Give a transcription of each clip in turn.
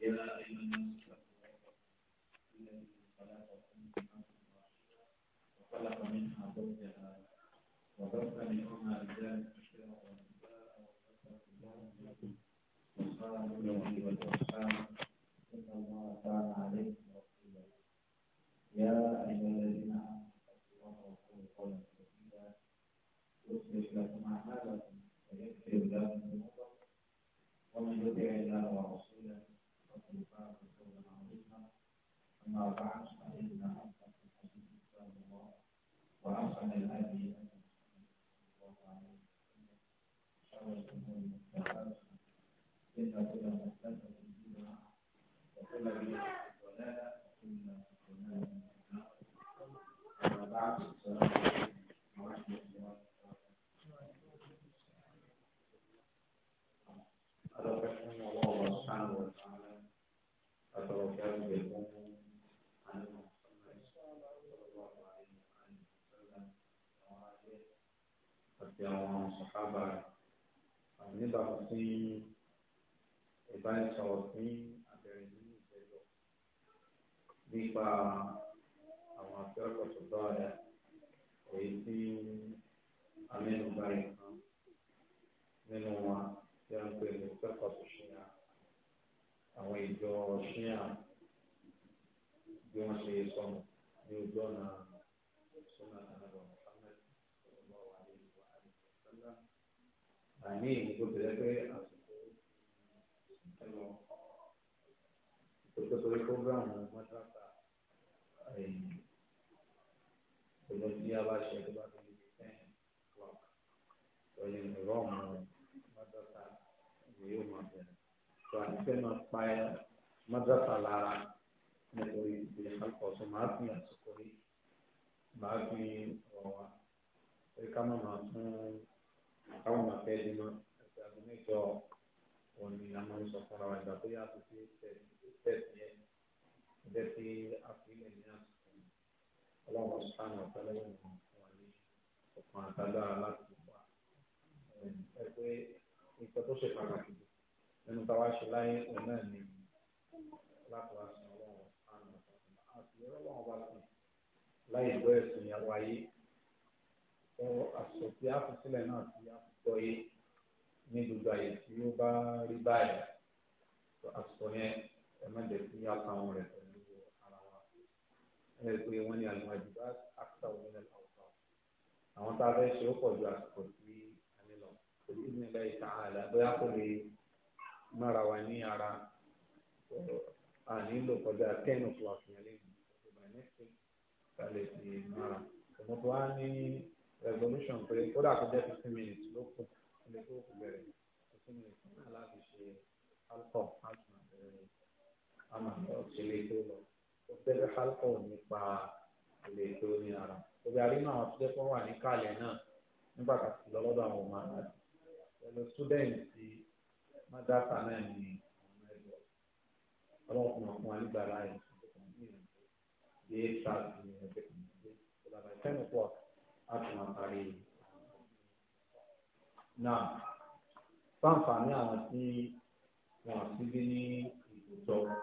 ومن يطع الله ورسوله أما بعد فإن أصدق الحديث كتاب الله وأحسن الهدي هدي صلى الله عليه وسلم شر الأمور محدثاتها إن كل محدثة بدعة وكل بدعة àti àwọn sọ̀kábà rẹ̀ àwọn oníbàbà fún ìbánisọ̀rọ̀ fún abẹ́rẹ́ nínú ìjẹ́jọ́ nípa àwọn akẹ́kọ̀ọ́ tó bá rẹ̀ èyí tí amẹ́nubá rẹ̀ kan nínú wọn tí a ń pè ní akẹ́kọ̀ọ́ tó ṣe à àwọn ìjọ ṣíà bí wọ́n ṣe sọnù ní ojú ọ̀nà sọ́nà náà. àní ìgbò tẹ̀lé pé àsìkò ẹlọ ìtòkòtò ìfọ́gbàmù mọ́tàkà ìlú tí a bá ṣe tó bá fi lè ten o'clock lọ́yìn ìrọ́ọ̀mù mọ́tàkà ìlú yóò máa bẹ̀rẹ̀ tó àti fẹ́ máa pa ẹ mọ́tàkà lára nítorí ìdílé akọ̀ọ̀sọ máa fi àsìkò yìí máa fi ọ̀wà ẹ̀ka máa máa fún káwọn máa fẹ́ bímọ ẹgbẹ́ aago mẹ́jọ òun ni ah, ah, a máa ń sọ fúnra wa ìgbà tó yà tó fi tẹ̀sí ẹ̀ ẹgbẹ́ tí a fi lè ní àsìkò ọlọ́run sánà ọ̀tẹ́lẹ̀ wọn fún wa ní ọ̀kan àtàlára láti wà ẹgbẹ́ ìtọ́ tó ṣe pàtàkì nínú táwa ṣe láyé òun náà ni láti wá sí ọlọ́run sánà ọ̀tẹ́lẹ̀ àti ọlọ́run bá sì láyé gbọ́ ẹ̀sìn yàrá ayé ẹ̀rọ àṣọ tí a fi sílẹ̀ náà tí a fi gbọ́ yé ní gbogbo àyè tí ó bá rí báyìí àṣọ yẹn ẹ má jẹ́ kí a pa àwọn rẹ̀ pẹ̀lú ara wa ẹ pé wọ́n ní àwọn àjùbá àkàtà òmìnira àwùjọ àwọn tá a fẹ́ ṣe ó pọ̀ ju àsìkò tí a nílò pẹ̀lú ìdílé ìta àlà bóyá kò lè mára wa ní ara a nílò kọjá ten o'clock yẹn lẹ́yìn ọ̀gbìn next week ká lè fi mára ọmọ tó wá ní revolution pé kódà kó jẹ́ fifteen minutes ló kù ilé tó kù bẹ̀rẹ̀ fifteen minutes náà láti ṣe alcohol asthma bẹ̀rẹ̀ àmà ọ̀sẹ̀ ilé tó lọ ó bẹ̀rẹ̀ alcohol nípa ilé tó ní ara òbí àrínà àwọn tó jẹ́ pé wọ́n wà ní kàlẹ̀ náà nígbà kàtí lọ́lọ́dọ̀ àwọn ọmọ àlàdé pẹ̀lú student ti náà ní àwọn ẹ̀dọ́ ọlọ́kùnrin ọkùnrin alígbàlá yìí bí ẹ̀ ṣáà ti ní ẹgbẹ́ kan ní àtúmọ̀ parí náà fáǹfààní àwọn tí wọn síbí ní ìbùsọ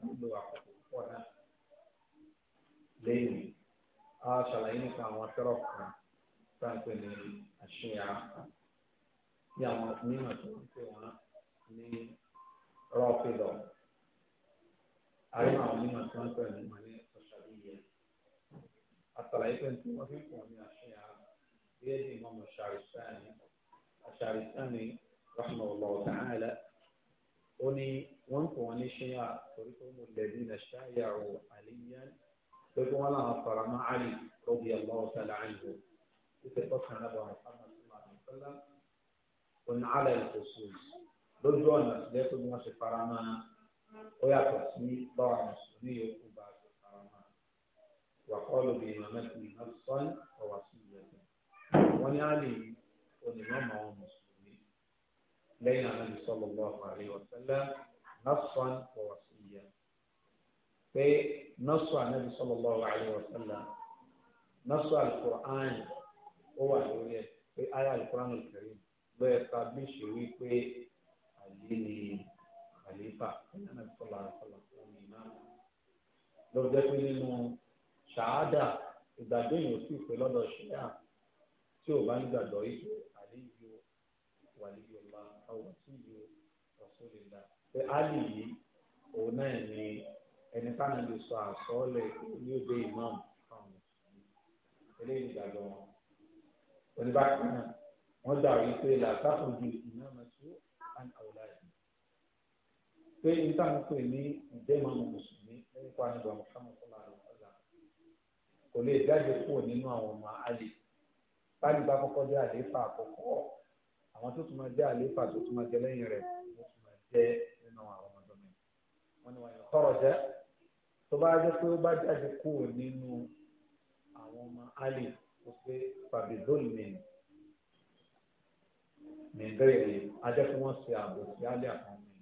nílò àkókò púpọ̀ náà lẹ́yìn a ṣàlàyé nípa àwọn tẹ́rọ̀ kan sáńpẹ̀ ní àṣeyà bí àwọn mímọ̀ tó ń pè wọ́n ní rọ́ọ̀pì àríwá àwọn mímọ̀ tó ń pè wọ́n ní الطلعية انتم فيكم يا الشيعة بيد إمام الشعر الثاني الشعر الثاني رحمه الله تعالى أني وانت واني الشيعة تركم الذين شايعوا عليا تقول لها فرما علي رضي الله تعالى عنه يتفق نبي محمد صلى الله عليه وسلم وان على الخصوص لو جوانا لكن ما شفرما ويا تسمي طبعا مسلمي وكبار وقالوا بإمامته نصا ووصية ونعلي والإمام هو مسلمين لين النبي صلى الله عليه وسلم نصا ووصية في نص النبي صلى الله عليه وسلم نص القرآن هو الأولى في آية القرآن الكريم ويستابليش ويكوي عليه خليفة النبي صلى الله عليه وسلم لو جاءت منه ṣáádà ìgbàgbé yìí ò sì pé lọ́dọ̀ ṣẹ̀yà tí ò bá nígbàgbọ́ yìí àlejò wàlejò máa àwọn tí yìí ọ̀sùn lè dà. pé ali yìí òun náà ni ẹni táwọn lè sọ àsọ́ọ́lẹ̀ ní òde imam fáwọn mùsùlùmí eléyìí ìgbàgbọ́ wọn. oníbàkan náà wọ́n gbà wípé làtàkùn ju ìnáwó tó àwòlá yìí pé nítawọn pè ní ìdẹ́mọ̀ mùsùlùmí nípa nígbà mùsùlùmí kò lè jáde kúrò nínú àwọn ọmọ àlè pálí bá kọ́kọ́ jẹ́ àlééfà àkọ́kọ́ àwọn tó tún máa jẹ́ àlééfà tó tún máa jẹ lẹ́yìn rẹ̀ tó tún máa jẹ́ nínú àwọn ọmọdé mi wọ́n ní wọ́n yàn kọ́rọ̀ jẹ́ tó bá jẹ́ pé ó bá jáde kúrò nínú àwọn ọmọ àlè tó pé pàbílóòlù mìíràn mìíràn rẹ̀ ajẹ́ kí wọ́n ṣe àbòsí àlè àkànmí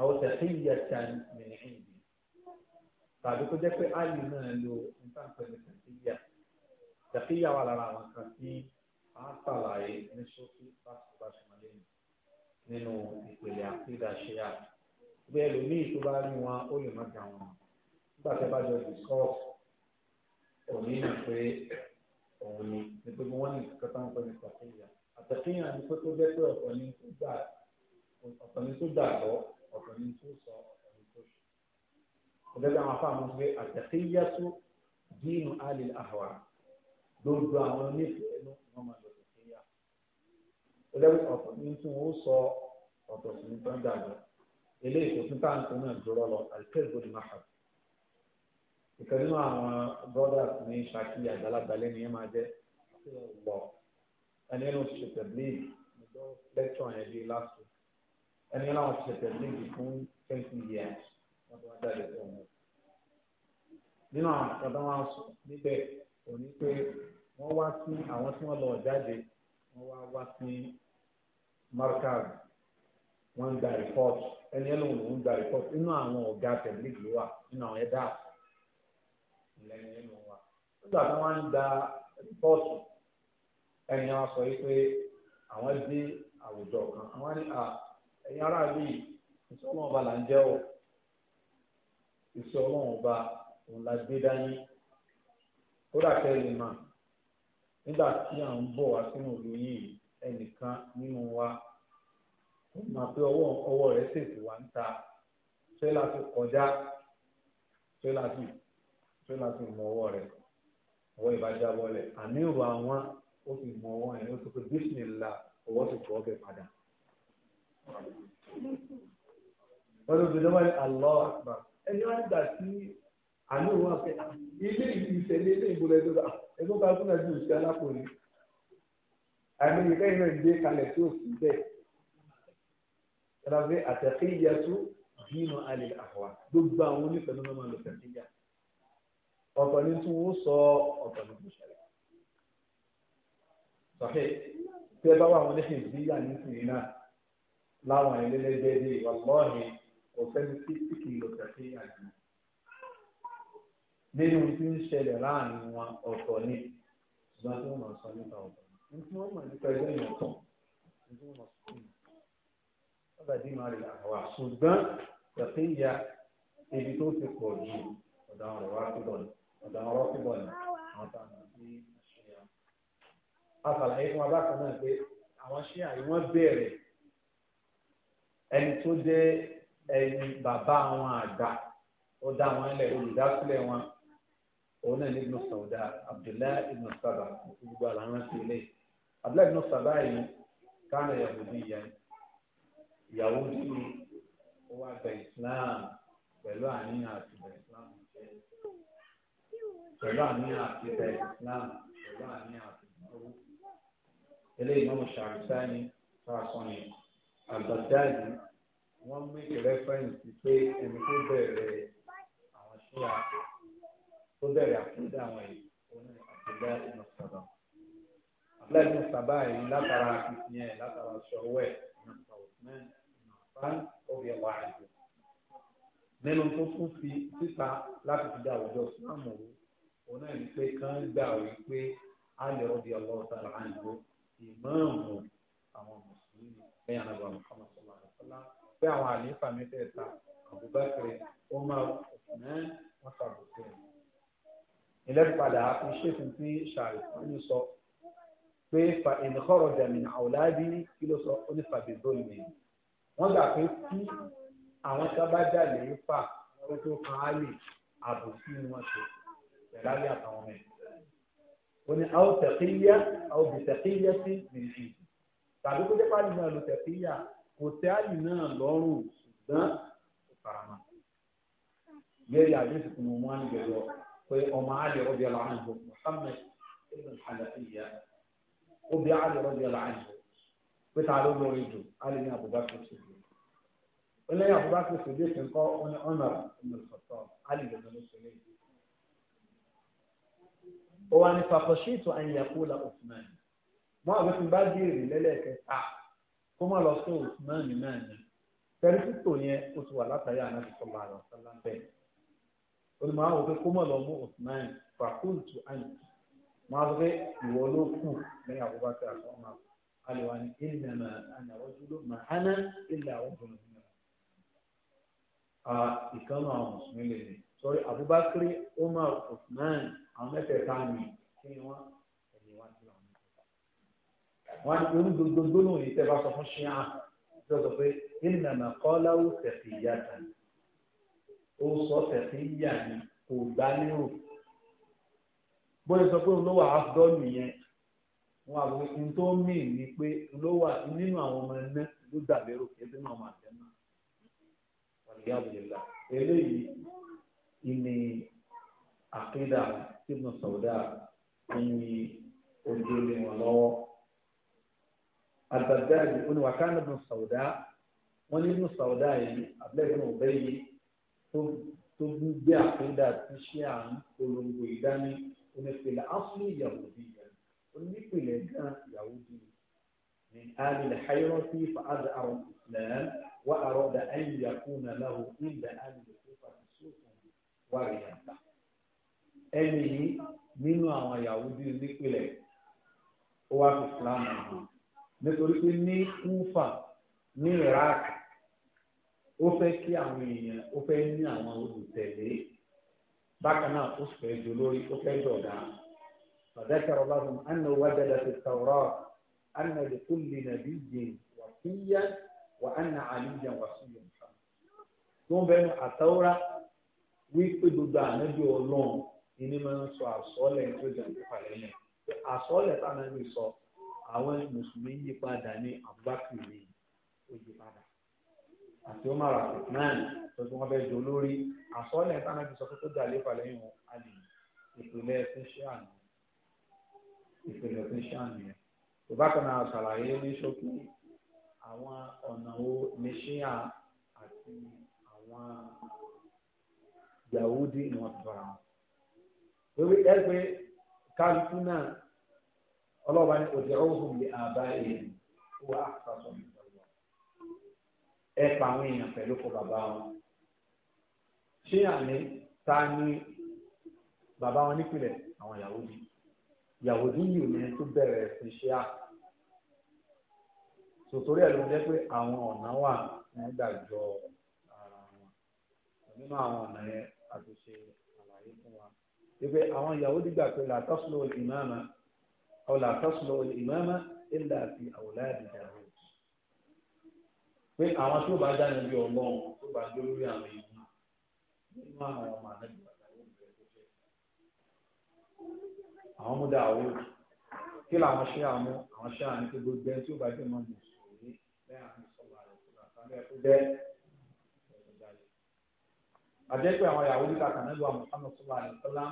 àwọn tẹ̀síyẹ̀ tán mìíràn yìí tàbí kó jẹ́ pé áyù náà lo ìtànkọ́ ẹni tàkíyà tàkíyà wà lára àwọn kan tí a ń ṣàlàyé ní ṣókí báṣubáṣumalé nínú ìpele àkídà ṣíà bẹ́ẹ̀ ló ní ìtura rí wọn ó lè má ga wọn nígbà tí a bá jọ discuss òní nà pé òun ni ní pé wọ́n ní ìtàkọ́ táwọn ẹni tàkíyà àtàkíyà ni pé tó jẹ́ pé ọ̀pọ̀ ni tó gbà ọ̀pọ̀ ni tó gbàgbọ́ ọ̀pọ̀ ni tó sọ ọ̀gẹ́gẹ́ àwọn afáàmù pé àtẹ̀kéyàtú dínú àlè àhàwà gbogbo àwọn onífẹ̀ẹ́ inú wọn máa lọ tẹ̀kéyà ọ̀gẹ́gẹ́ ọ̀tọ̀ ní tí wọ́n sọ ọ̀tọ̀ sí ní tọ́jà lọ eléyìí tó tún táǹkì náà dúró lọ àlùkẹ́gbọ̀n ní máa ìkan nínú àwọn brothers ní Ṣakí àgbàlagbàlẹ́ ni ẹ máa jẹ́ ọ̀pọ̀ ẹni ẹni oṣù tẹ̀blíìgì lẹ́tọ̀ yẹn bíi last week ẹni ẹni àwọn oṣù tẹ̀blíìgì fún twenty years. wọn tó wá jáde tó wọn. nínú àwọn kan wọn sọ níbẹ̀ kò ní pé wọ́n wá sí àwọn tí wọ́n lọ jáde wọ́n wá wá sí markaz wọ́n ń gba ẹni ẹlòmíràn ló ń gba nínú àwọn ọ̀gá tẹ̀lé ìlú wa nínú àwọn ẹ̀dá ìlẹ́yìn ẹnu wa nígbà tí wọ́n ń gba ẹni wọn sọ yìí pé àwọn dé àwùjọ kan àwọn ní ẹ̀yin iṣẹ́ ọlọ́run ọba òun la gbé dání kódà kẹrin mà nígbà tí à ń bọ̀ wá sínú ìlú yìí ẹnìkan nínú wa ó mà pé ọwọ́ ọwọ́ rẹ̀ ṣètò wá ń ta ṣé láti kọjá ṣé láti ṣé láti mọ ọwọ́ rẹ̀ ọwọ́ ìbájá wọlé àmì ìrù àwọn ó sì mọ ọwọ́ yẹn ó sì pé bísímìlà ọwọ́ sì tọ́ ọbẹ̀ padà. wọ́n ló fi dọ́wọ́ alọ́ àgbà ẹni wá nígbà tí àlọ́ wa fẹ́ ilé ìṣẹ̀lẹ̀ ilé ìbò lẹ́dọ̀ ah, bá ẹgbẹ́ bá fún ẹbí òṣìṣẹ́ alákòóni àmì ìkẹyìn náà ń gbé kalẹ̀ tí ó sì bẹ́ẹ̀ ẹlẹ́fẹ́ àtẹ̀kéyà tó dínú alẹ́ àwa gbogbo àwọn onífẹ̀ẹ́ náà máa lọ tẹ̀kéyà ọ̀pọ̀ ní tí wọ́n sọ ọ̀pọ̀ ní kò ṣẹlẹ̀ sọ̀hẹ́ tẹ́ bá wà wọn ní ṣèǹtì yà ní sìnì náà láwọn ẹlẹ́lẹ́gbẹ́dẹ́ ìwà lọ́ọ̀hìn kò sẹ́ni tí tí kì í lọ tẹ̀sí àjùmọ̀ nínú tí ń ṣẹlẹ̀ láàrin wọn ọ̀tọ̀ ni ṣùgbọ́n tí wọ́n máa sọ nípa ọ̀tọ̀ ní tí wọ́n máa nípa ẹgbẹ́ yẹn tán ní tí wọ́n máa sọ fún mi ọ̀gá dì máa rí àwa ṣùgbọ́n tẹ̀sí ya ibi tó ti pọ̀ jù ọ̀dọ̀ àwọn ọ̀rọ̀ àkúbọ̀n ọ̀dọ̀ àwọn ọ̀rọ̀ àkúbọ̀n àwọn a ṣàlàyé fún abákan náà pé àwọn ẹni bàbá àwọn àgbà ó dá wọn lẹ olùdásílẹ̀ wọn òun náà ní ibùdó sọdá abdullahi ibùdó sábà gbogbo àlàáfíà ti lé abdullahi ibùdó sábà yìí kánà yahudi yẹn yahudi ó wá gba islam pẹ̀lú àníyàn àti gba islam pẹ̀lú àníyàn àti gba islam pẹ̀lú àníyàn àti gba owó eléyìí náà ṣàrìsáyìn fún asọ́yìn àgbàdáyìí wọ́n make reference pé ẹni tó bẹ̀rẹ̀ àwọn ṣíra tó bẹ̀rẹ̀ àkúndà àwọn yìí oní àbúlá ìnà sábà àbúlá ìnà sábà yìí látara akitiyan látara ṣọwọ́ ẹ̀ ìnà sàwùsùmẹ́n ìnà fan ọ̀bẹ wà áyù nínú tó tún fi síta láti fi dá àwùjọ sílámù wò oní ẹni pé kán gbà wípé alẹ́ ọ̀bẹ ọlọ́ọ̀ta là ń lo ìmáàmù àwọn mùsùlùmí lẹ́yìn àgbà Muhammad sallallahu alaihi wasallam pé àwọn àlééfà mẹ́tẹ̀ẹ̀ta àbúbákẹ́rẹ́ wọ́n máa ọ̀sán wọn ṣàbùkù rẹ̀. ìlẹ́rìpadà ìṣèkùn tí ṣàrìfọ́nì sọ pé fa ìdíkọ̀rọ̀ jẹ̀mìn àwòláàbí kí ló sọ ó ní fàbíbó ìwé. wọ́n gbà pé kí àwọn sábàjá lè fà kó tó kan á lè àbùkù wọn ṣe pẹ̀lú àlẹ́ àtàwọn mẹ́rin oni aw tẹkiya aw bi tẹkiya si nìyí tàbí kó jẹ́ pàdé náà lu tẹkiya kò tẹ́ àyù náà lọ́rùn ṣùgbọ́n kò fara mọ́. Gẹ́gẹ́ àdéhùn kùnú wọn ń gbẹ̀rọ pé ọmọ àlè ọbẹ̀ làwọn ìbò Muhammad ibn Halafiya ọbẹ̀ àlè ọbẹ̀ làwọn ìbò pé ta ló lórí jù àlè ní Abubakar Sidi. Ilé Abubakar Sidi ti ń kọ́ ọ̀nà ìmọ̀lẹ́sọ̀tọ̀ àlè lọ́dọ̀ ló ṣe léyìí. Ó wá ní Fàkọ̀ṣìtò àyìnyàkú la Osman. Wọ́n àgbẹ̀sìn bá dìrì kó má lọ sí Usman náà ni tẹlifíṣọ yẹn ó ti wà látàrí ànábì sọlá àlọ sọlá bẹ́ẹ̀ olùmọ̀ àwọn òfin kó má lọ mú Usman fàkóòtù àyè máa sọ pé ìwọ ló kù lẹ́yìn Abubakar àti ọmọ àlèwà ní ilẹ̀ náà àná ọjọ́ ló máa hánà ilẹ̀ àwọn ọjọ́ lọ́sìn náà ìkànnà àwọn mùsùlùmí lè ní sọrí Abubakar Umar Usman àwọn mẹ́tẹ̀ẹ̀ta mi kí ni wọ́n wọn á ní gbogbo gbólóhùn yìí tẹ́ bá sọ fún ṣíà tó sọ pé ìnànà kọ́láwó tẹ̀sí ìyá ta ó sọ tẹ̀sí ìyá ni kò gbá lérò bóyá sọ pé olówó àádọ́ọ̀lù yẹn wọn àwọn ohun tó ń ni pé olówó nínú àwọn ọmọ ẹ̀ná ló gbà lérò kébí náà máa tẹ̀ náà wàlúùyá àbúlélá eléyìí ìní àkédà tí mo sọ̀dá ẹni. albazari ó ní wà kánà ibn Sauda wọ́n ní ibn Sauda yìí abdullahi ibn Ubay yìí tó gbé àkúndà tí ṣé à ń polongo ìdání onípele asúlù ìyàwó bí yẹn onípele gan ìyàwó bí من آل الحيرة فأدعى الإسلام وأراد أن يكون له عند آل الكوفة سوق وريادة ẹni yìí nínú àwọn Yahudi nípìnlẹ̀ ó wá fi Islam hàn nítorí pé ní kúfà ní Iraq ó fẹ́ kí àwọn èèyàn ó fẹ́ ní àwọn olùtẹ̀lé bákan náà ó sì fẹ́ dolórí ó fẹ́ dọ̀dá فذكر لهم أنه وجد في التوراة أن لكل نبي وصيا وأن عليا وصي محمد ثم بين التوراة wípé gbogbo ànábì ọlọ́run ìní máa ń sọ àsọ́ọ̀lẹ̀ tó jẹun pípa lẹ́yìn àsọ́ọ̀lẹ̀ táwọn ẹni sọ àwọn mùsùlùmí yí padà ní abubakar ní oyè padà àti omar abdulrahman tó tí wọn bẹ jọ lórí àsọlẹ tánàbí sọ pé tó dà lé palẹ yìí wọn àlè ìpínlẹ̀ tíṣà ní ìpínlẹ̀ tíṣà ní ẹ ìbákan náà ṣàlàyé ní ṣókí àwọn ọ̀nà wo ní ṣíà àti àwọn yahudi ni wọn ti bára wọn. ewé ẹgbẹ́ kálukú náà ọlọ́wọ́ ni òjò òhùn lè àbá yẹn wà á sàtọ̀ nípa ẹ pa àwọn èèyàn pẹ̀lú kó bàbá wọn ṣé àní ta ni bàbá wọn nípìnlẹ̀ àwọn Yahudi Yahudi yìí ni tó bẹ̀rẹ̀ ẹ̀sìn ṣe à sòtòrí ẹ̀ ló jẹ́ pé àwọn ọ̀nà wà wọ́n gbàjọ ara wọn nínú àwọn ọ̀nà yẹn àti ṣe àlàyé fún wa wípé àwọn Yahudi gbà pé làtọ́sùlò ìmáàmà. أو لا تصلح الإمامة إلا في أولاد داود pé àwọn tó bá dáná bí ọgbọ́n tó bá dé lórí àwọn èèyàn nínú àwọn ọmọ ànábì bàtà yóò bẹ̀rẹ̀ tó fẹ́. àwọn mú dá àwọn òkú kí làwọn ṣe àmú àwọn ṣe àní tó gbogbo ẹni tó bá dé mọ́ mùsùlùmí bẹ́ẹ̀ àmì sọ̀rọ̀ àrẹ̀ tó bá sábẹ́ tó bẹ́ àjẹ́ pé àwọn ìyàwó níta kan náà lọ́wọ́ àmọ́ sọ́mọ́ sọ́mọ́ àrẹ̀ tó lá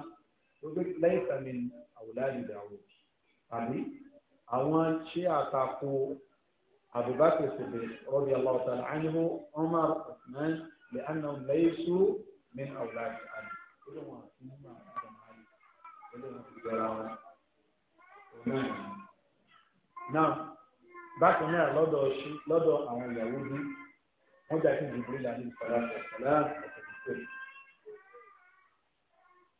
lẹ́yìn sẹ́mi àwòlá ìdàwọ̀ òkú àbí àwọn tí àtakò Abubakar Siddiq radiyallahu ta'ala anhu Umar Uthman li'annahum laysu min awladi Ali ilé wọn àti nínú àwọn ọmọ Ali ilé wọn ti jọra wọn. náà bákan náà lọ́dọ̀ lọ́dọ̀ àwọn ìyàwó bí wọ́n jà sí jìbìrì làní ìfọ̀lá ìfọ̀lá ọ̀sẹ̀ ìfọ̀lá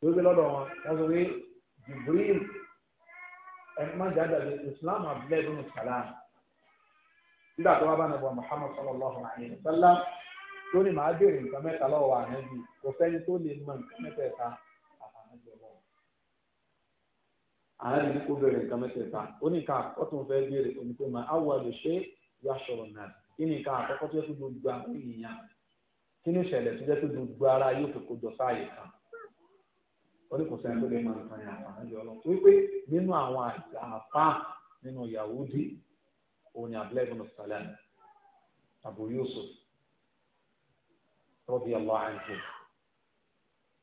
lórí lọ́dọ̀ wọn wọ́n sọ pé jìbìrì ẹni má jẹ́ àdàbí islam abdulayi bin salam nígbà tó wá bá nàbọ̀ muhammad sallallahu alayhi wa sallam tó ní màá béèrè nǹkan mẹ́ta lọ́wọ́ ànábì kò sẹ́ni tó lè mọ nǹkan mẹ́tẹ̀ẹ̀ta àfàànábì ọlọ́run ànábì ní kó béèrè nǹkan mẹ́tẹ̀ẹ̀ta ó ní nǹkan àkọ́kọ́ tó ń fẹ́ béèrè òní pé màá awọ àlè ṣe yàṣọ̀rọ̀ náà kí ni nǹkan àkọ́kọ́ tó yẹ kó gbogbo àwọn èèyàn kí ni ìṣẹ̀lẹ̀ tó yẹ kó gbogbo ara yóò fi kó jọ sáàyè kan ó ní kò sẹ́ni tó lè máa tan yàn àfààní yọ lọ wípé nínú àwọn àfa nínú Yahudi òun ni abúlé ibùdó Abu Yusuf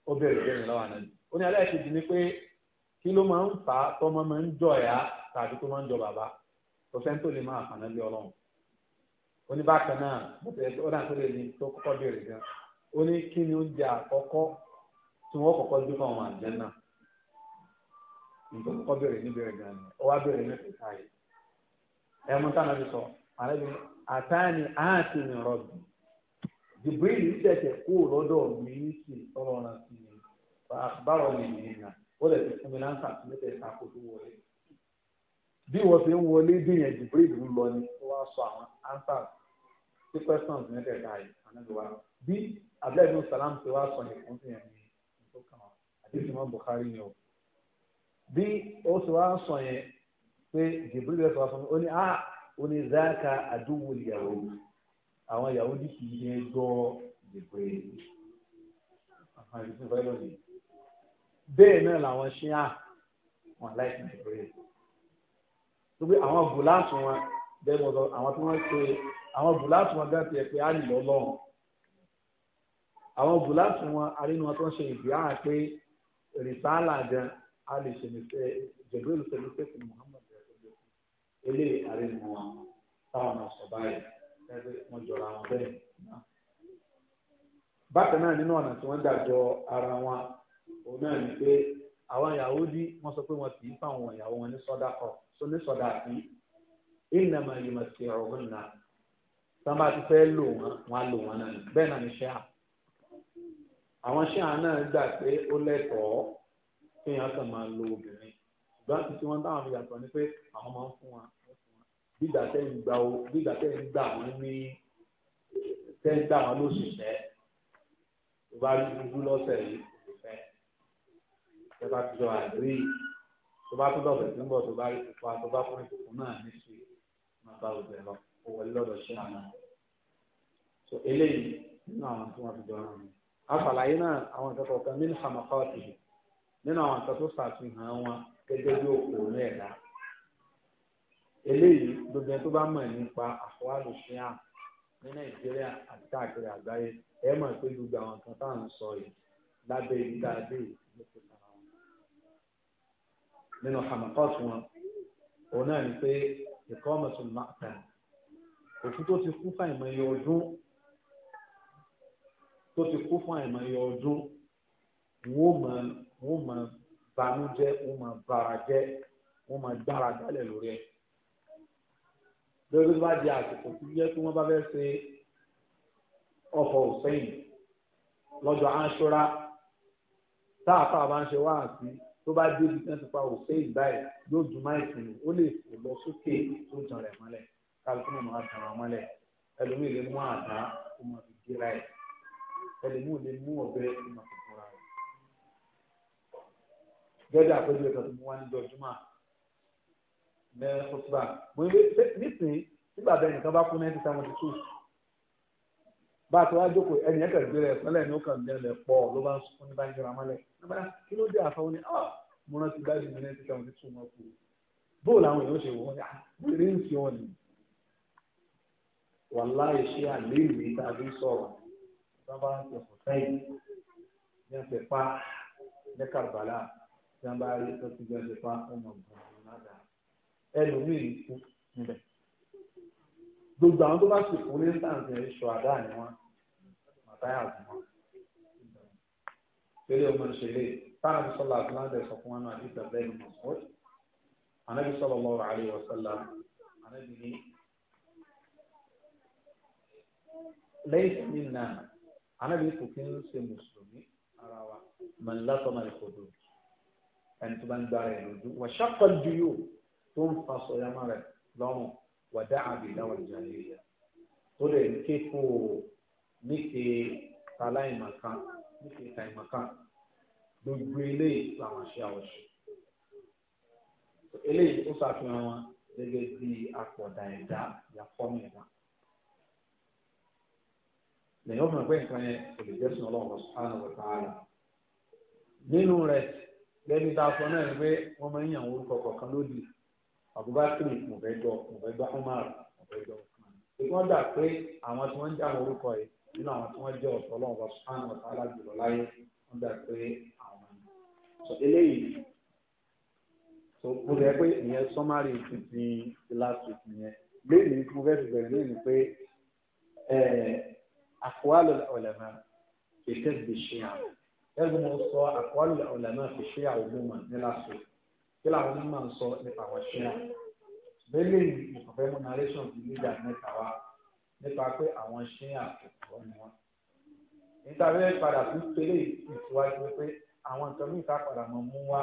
ó bèrè bèrè lọ́wọ́ àná ó ní alẹ́ kejì ni pé kí ló máa ń fà á tọ́mọ máa ń jọ ẹ̀yà tàbí tó máa ń jọ bàbá kò tó lè máa àfààní yọ lọ́wọ́ oníbàkan náà ó tó lè ní tó kọ́kọ́ gan ó ní kí ni oúnjẹ àkọ́kọ́ tí wọ́n kọ́kọ́ dé fún àwọn àjẹ́ náà nǹkan kọ́kọ́ bẹ̀rẹ̀ níbẹ̀rẹ̀ gan ni ó bẹ̀rẹ̀ mẹ́tẹ̀ẹ̀ káyé ẹ táwọn ti sọ àlejò àtàní àti ìrọ̀bì jìbìrìlì tẹ̀tẹ̀ kó lọ́dọ̀ sí sí báwo ni ó lè fi sí tó wọlé bí wọ́n ń wọlé ń lọ ni ó wá sọ àwọn sí ìsìnmọ́ Bukhari ni o bí ó sì wá ń sọ yẹn pé Jibril lè sọ fún mi ó ní ah ó ní zaka àdúgbò ìyàwó àwọn ìyàwó ní kì í ṣe gbọ́ Jibril bẹ́ẹ̀ náà làwọn ṣíà wọn láìsí Jibril tóbi àwọn bùláàtù wọn bẹ́ẹ̀ mọ̀ àwọn tí wọ́n ṣe àwọn bùláàtù wọn dáàtì ẹ̀ pé á nì lọ́lọ́run àwọn bùláàtù wọn arínú wọn tó ń ṣe ìdí pé rìsáàlà gan a lè ṣe nìfẹ́ jẹ̀bú olùsọ̀rọ̀ fẹ́ẹ̀kì Muhammad ẹ̀ẹ́dẹ́gbẹ́ ilé àrẹ̀mọ̀ wa táwọn ọ̀sọ̀ báyìí ẹgbẹ́ wọn jọra wọn bẹ́ẹ̀. bákan náà nínú ọ̀nà tí wọ́n dàjọ ara wọn òun náà ni pé àwọn Yahudi wọ́n sọ pé wọ́n kì í fáwọn ìyàwó wọn ní sọ́dà kọ so ní sọ́dà sí ìnàmọ̀ yìí mọ̀ sí ọ̀rọ̀ náà sábà ti fẹ́ lò wọ́n wọ́n á lò wọ́n náà bẹ́ẹ̀ náà ni ṣẹ́à àwọn ṣáà náà gbà pé ó lẹ́tọ̀ọ́ kéèyàn kàn máa lo obìnrin ìgbà tí wọ́n táwọn fi yàtọ̀ ni pé àwọn máa ń fún wa bígbà tẹ́yìn gbà ó bígbà tẹ́yìn gbà wọ́n ní tẹ́yìn gbà wọ́n ló sì fẹ́ tó bá rí dúdú lọ́sẹ̀ yìí kò fẹ́ tó bá ti jọ àdéhì tó bá tún dọ̀bẹ̀ tó ń bọ̀ tó bá rí pupa tó bá fún ìkùkù náà ní sí máa bá ọbẹ̀ lọ ó wọlé lọ́dọ̀ àná eléyìí nínú àwọn tí wọ́n fi jọ rán àṣàlàyé náà àwọn nǹkan kọ̀ọ̀kan nínú sàmàkà ọ̀tìyẹ nínú àwọn nǹkan tó ṣàfihàn wọn gẹ́gẹ́ bí òkòòrùn ẹ̀dá eléyìí gbogbo ẹni tó bá mọ̀ nípa àfọwálù ṣíà ní nàìjíríà àti káàkiri àgbáyé ẹ mọ̀ pé gbogbo àwọn nǹkan tá à ń sọ yìí lábẹ́ ibi tá a dé yìí ló ti sara wọn nínú sàmàkọ́ọ̀tù wọn òun náà ni pé ìkọ́ ọmọ máa tà òfin tó ti kú fáìmọ̀ iye ọdún tó ti kú fún àìmọye ọdún wọ́n máa wọ́n máa banújẹ́ wọ́n máa bara jẹ́ wọ́n máa gbára dálẹ̀ lórí ẹ̀ lórí bá di àsìkò tó yẹ kí wọ́n bá fẹ́ ṣe ọkọ̀ òsẹ́yìn lọ́jọ́ aṣọra táàpá bá ń ṣe wáàsí tó bá dé ibi tán ti pa òsẹ́yìn báyìí yóò dùn máa ìsìn ó lè lọ sókè tó jàn rẹ̀ mọ́lẹ̀ kálukú náà máa jàn wọ́n mọ́lẹ̀ ẹlòmíì lè mú àdá kó máa fi gé ra ẹlẹ́mú lè mú ọ̀bẹ nínú ọ̀pọ̀ rẹ̀. gẹ́gẹ́ àpẹjọ ìtàn tí mo wá níjọ jùmọ̀ mẹ́rin kọ́tùbà mo ní nísìnyí nígbà bẹ́ẹ̀ nìkan bá kú nineteen seventy two bá a ti wá jókòó ẹni ẹ̀kẹ́ gbére ẹ̀ sọ́lẹ̀ ní ó kàn lẹ́lẹ̀ pọ̀ ló bá ń sunkún ní bá ń jẹrà mọ́lẹ̀ nígbà ah, kí ló dé àfọwọ́ ni ọ́ mo rántí dájú ní nineteen seventy two wọn kú bóòlù àwọn èèyàn ṣe wọ́n ní àbúrò ìrìn sí wọn ni wàláì ṣe fi wọ́n bá ń ṣe hùsẹ́yìn ní ọ̀sẹ̀ pa ní kàrbàlà tí wọ́n bá rí tó ti jẹ́ ọ̀sẹ̀ pa ọmọ ìgbọ̀n náà ẹlòmíì kú níbẹ̀. gbogbo àwọn tó bá sì kú ní sàǹtì ìṣọ̀ àdá ni wọ́n màtáyà sí wọn. Tẹ́lẹ̀ ọmọ ìṣẹ̀lẹ̀ táwọn ìṣọ̀lá àtúnáńdẹ̀ sọ fún wọn náà àti ìtàbẹ́ ìlú mọ̀sọ́ọ̀. Ànábì sallallahu alaihi wasallam. Ànábì ní. ليس منا anábì kò kí ń ṣe mùsùlùmí ara wa mọ̀nlátọ́ máa kò dùn ẹni tó bá ń gbára ẹ̀ lójú wà ṣàkọlù ju yóò tó ń fa sọyámá rẹ̀ lọ́rùn wà dá àbí ìdáwọ̀ ìjà yìí tó lè ké fún o ní ṣe aláìmọ̀ká ní ṣe àìmọ̀ká gbogbo eléyìí làwọn ṣe àwòṣe eléyìí ó ṣàfihàn wọn gẹ́gẹ́ bí apọ̀dà ẹ̀dá yàtọ̀ mìíràn lẹ́yìn ọmọ ẹgbẹ́ nǹkan yẹn kò lè jẹ́sìn ọlọ́run subhanahu wa ta'ala. nínú rẹ̀ lẹ́ni tá a sọ náà ni pé wọ́n máa ń yàn orúkọ kọ̀ọ̀kan lódì Abubakar mo fẹ́ jọ mo fẹ́ jọ Umar mo fẹ́ jọ Usman. ìgbọ́n dà pé àwọn tí wọ́n ń jáwọ́ orúkọ yìí nínú àwọn tí wọ́n jẹ́ ọ̀tọ̀ ọlọ́run subhanahu wa ta'ala jùlọ láyé wọ́n dà pé àwọn sọ eléyìí so mo fẹ́ pé ìyẹn sọ́márì ti ti last week yẹn lẹ́yìn tí mo fẹ́ fi bẹ̀rẹ̀ lẹ́yìn pé أقوال العلماء في كذب الشيعة لازم نوصل أقوال العلماء في الشيعة عموما نلعب كل عموما نوصل نتعوى الشيعة bẹ́lẹ̀ ìfọ̀fẹ́ mú narration ti leader mẹ́ta أوان الشيعة. pé àwọn ṣíà àkọ́kọ́ ni wọ́n. níta bẹ́ẹ̀ padà tún pélé ìfúwájú pé àwọn nǹkan míì ká padà mọ̀ mú wá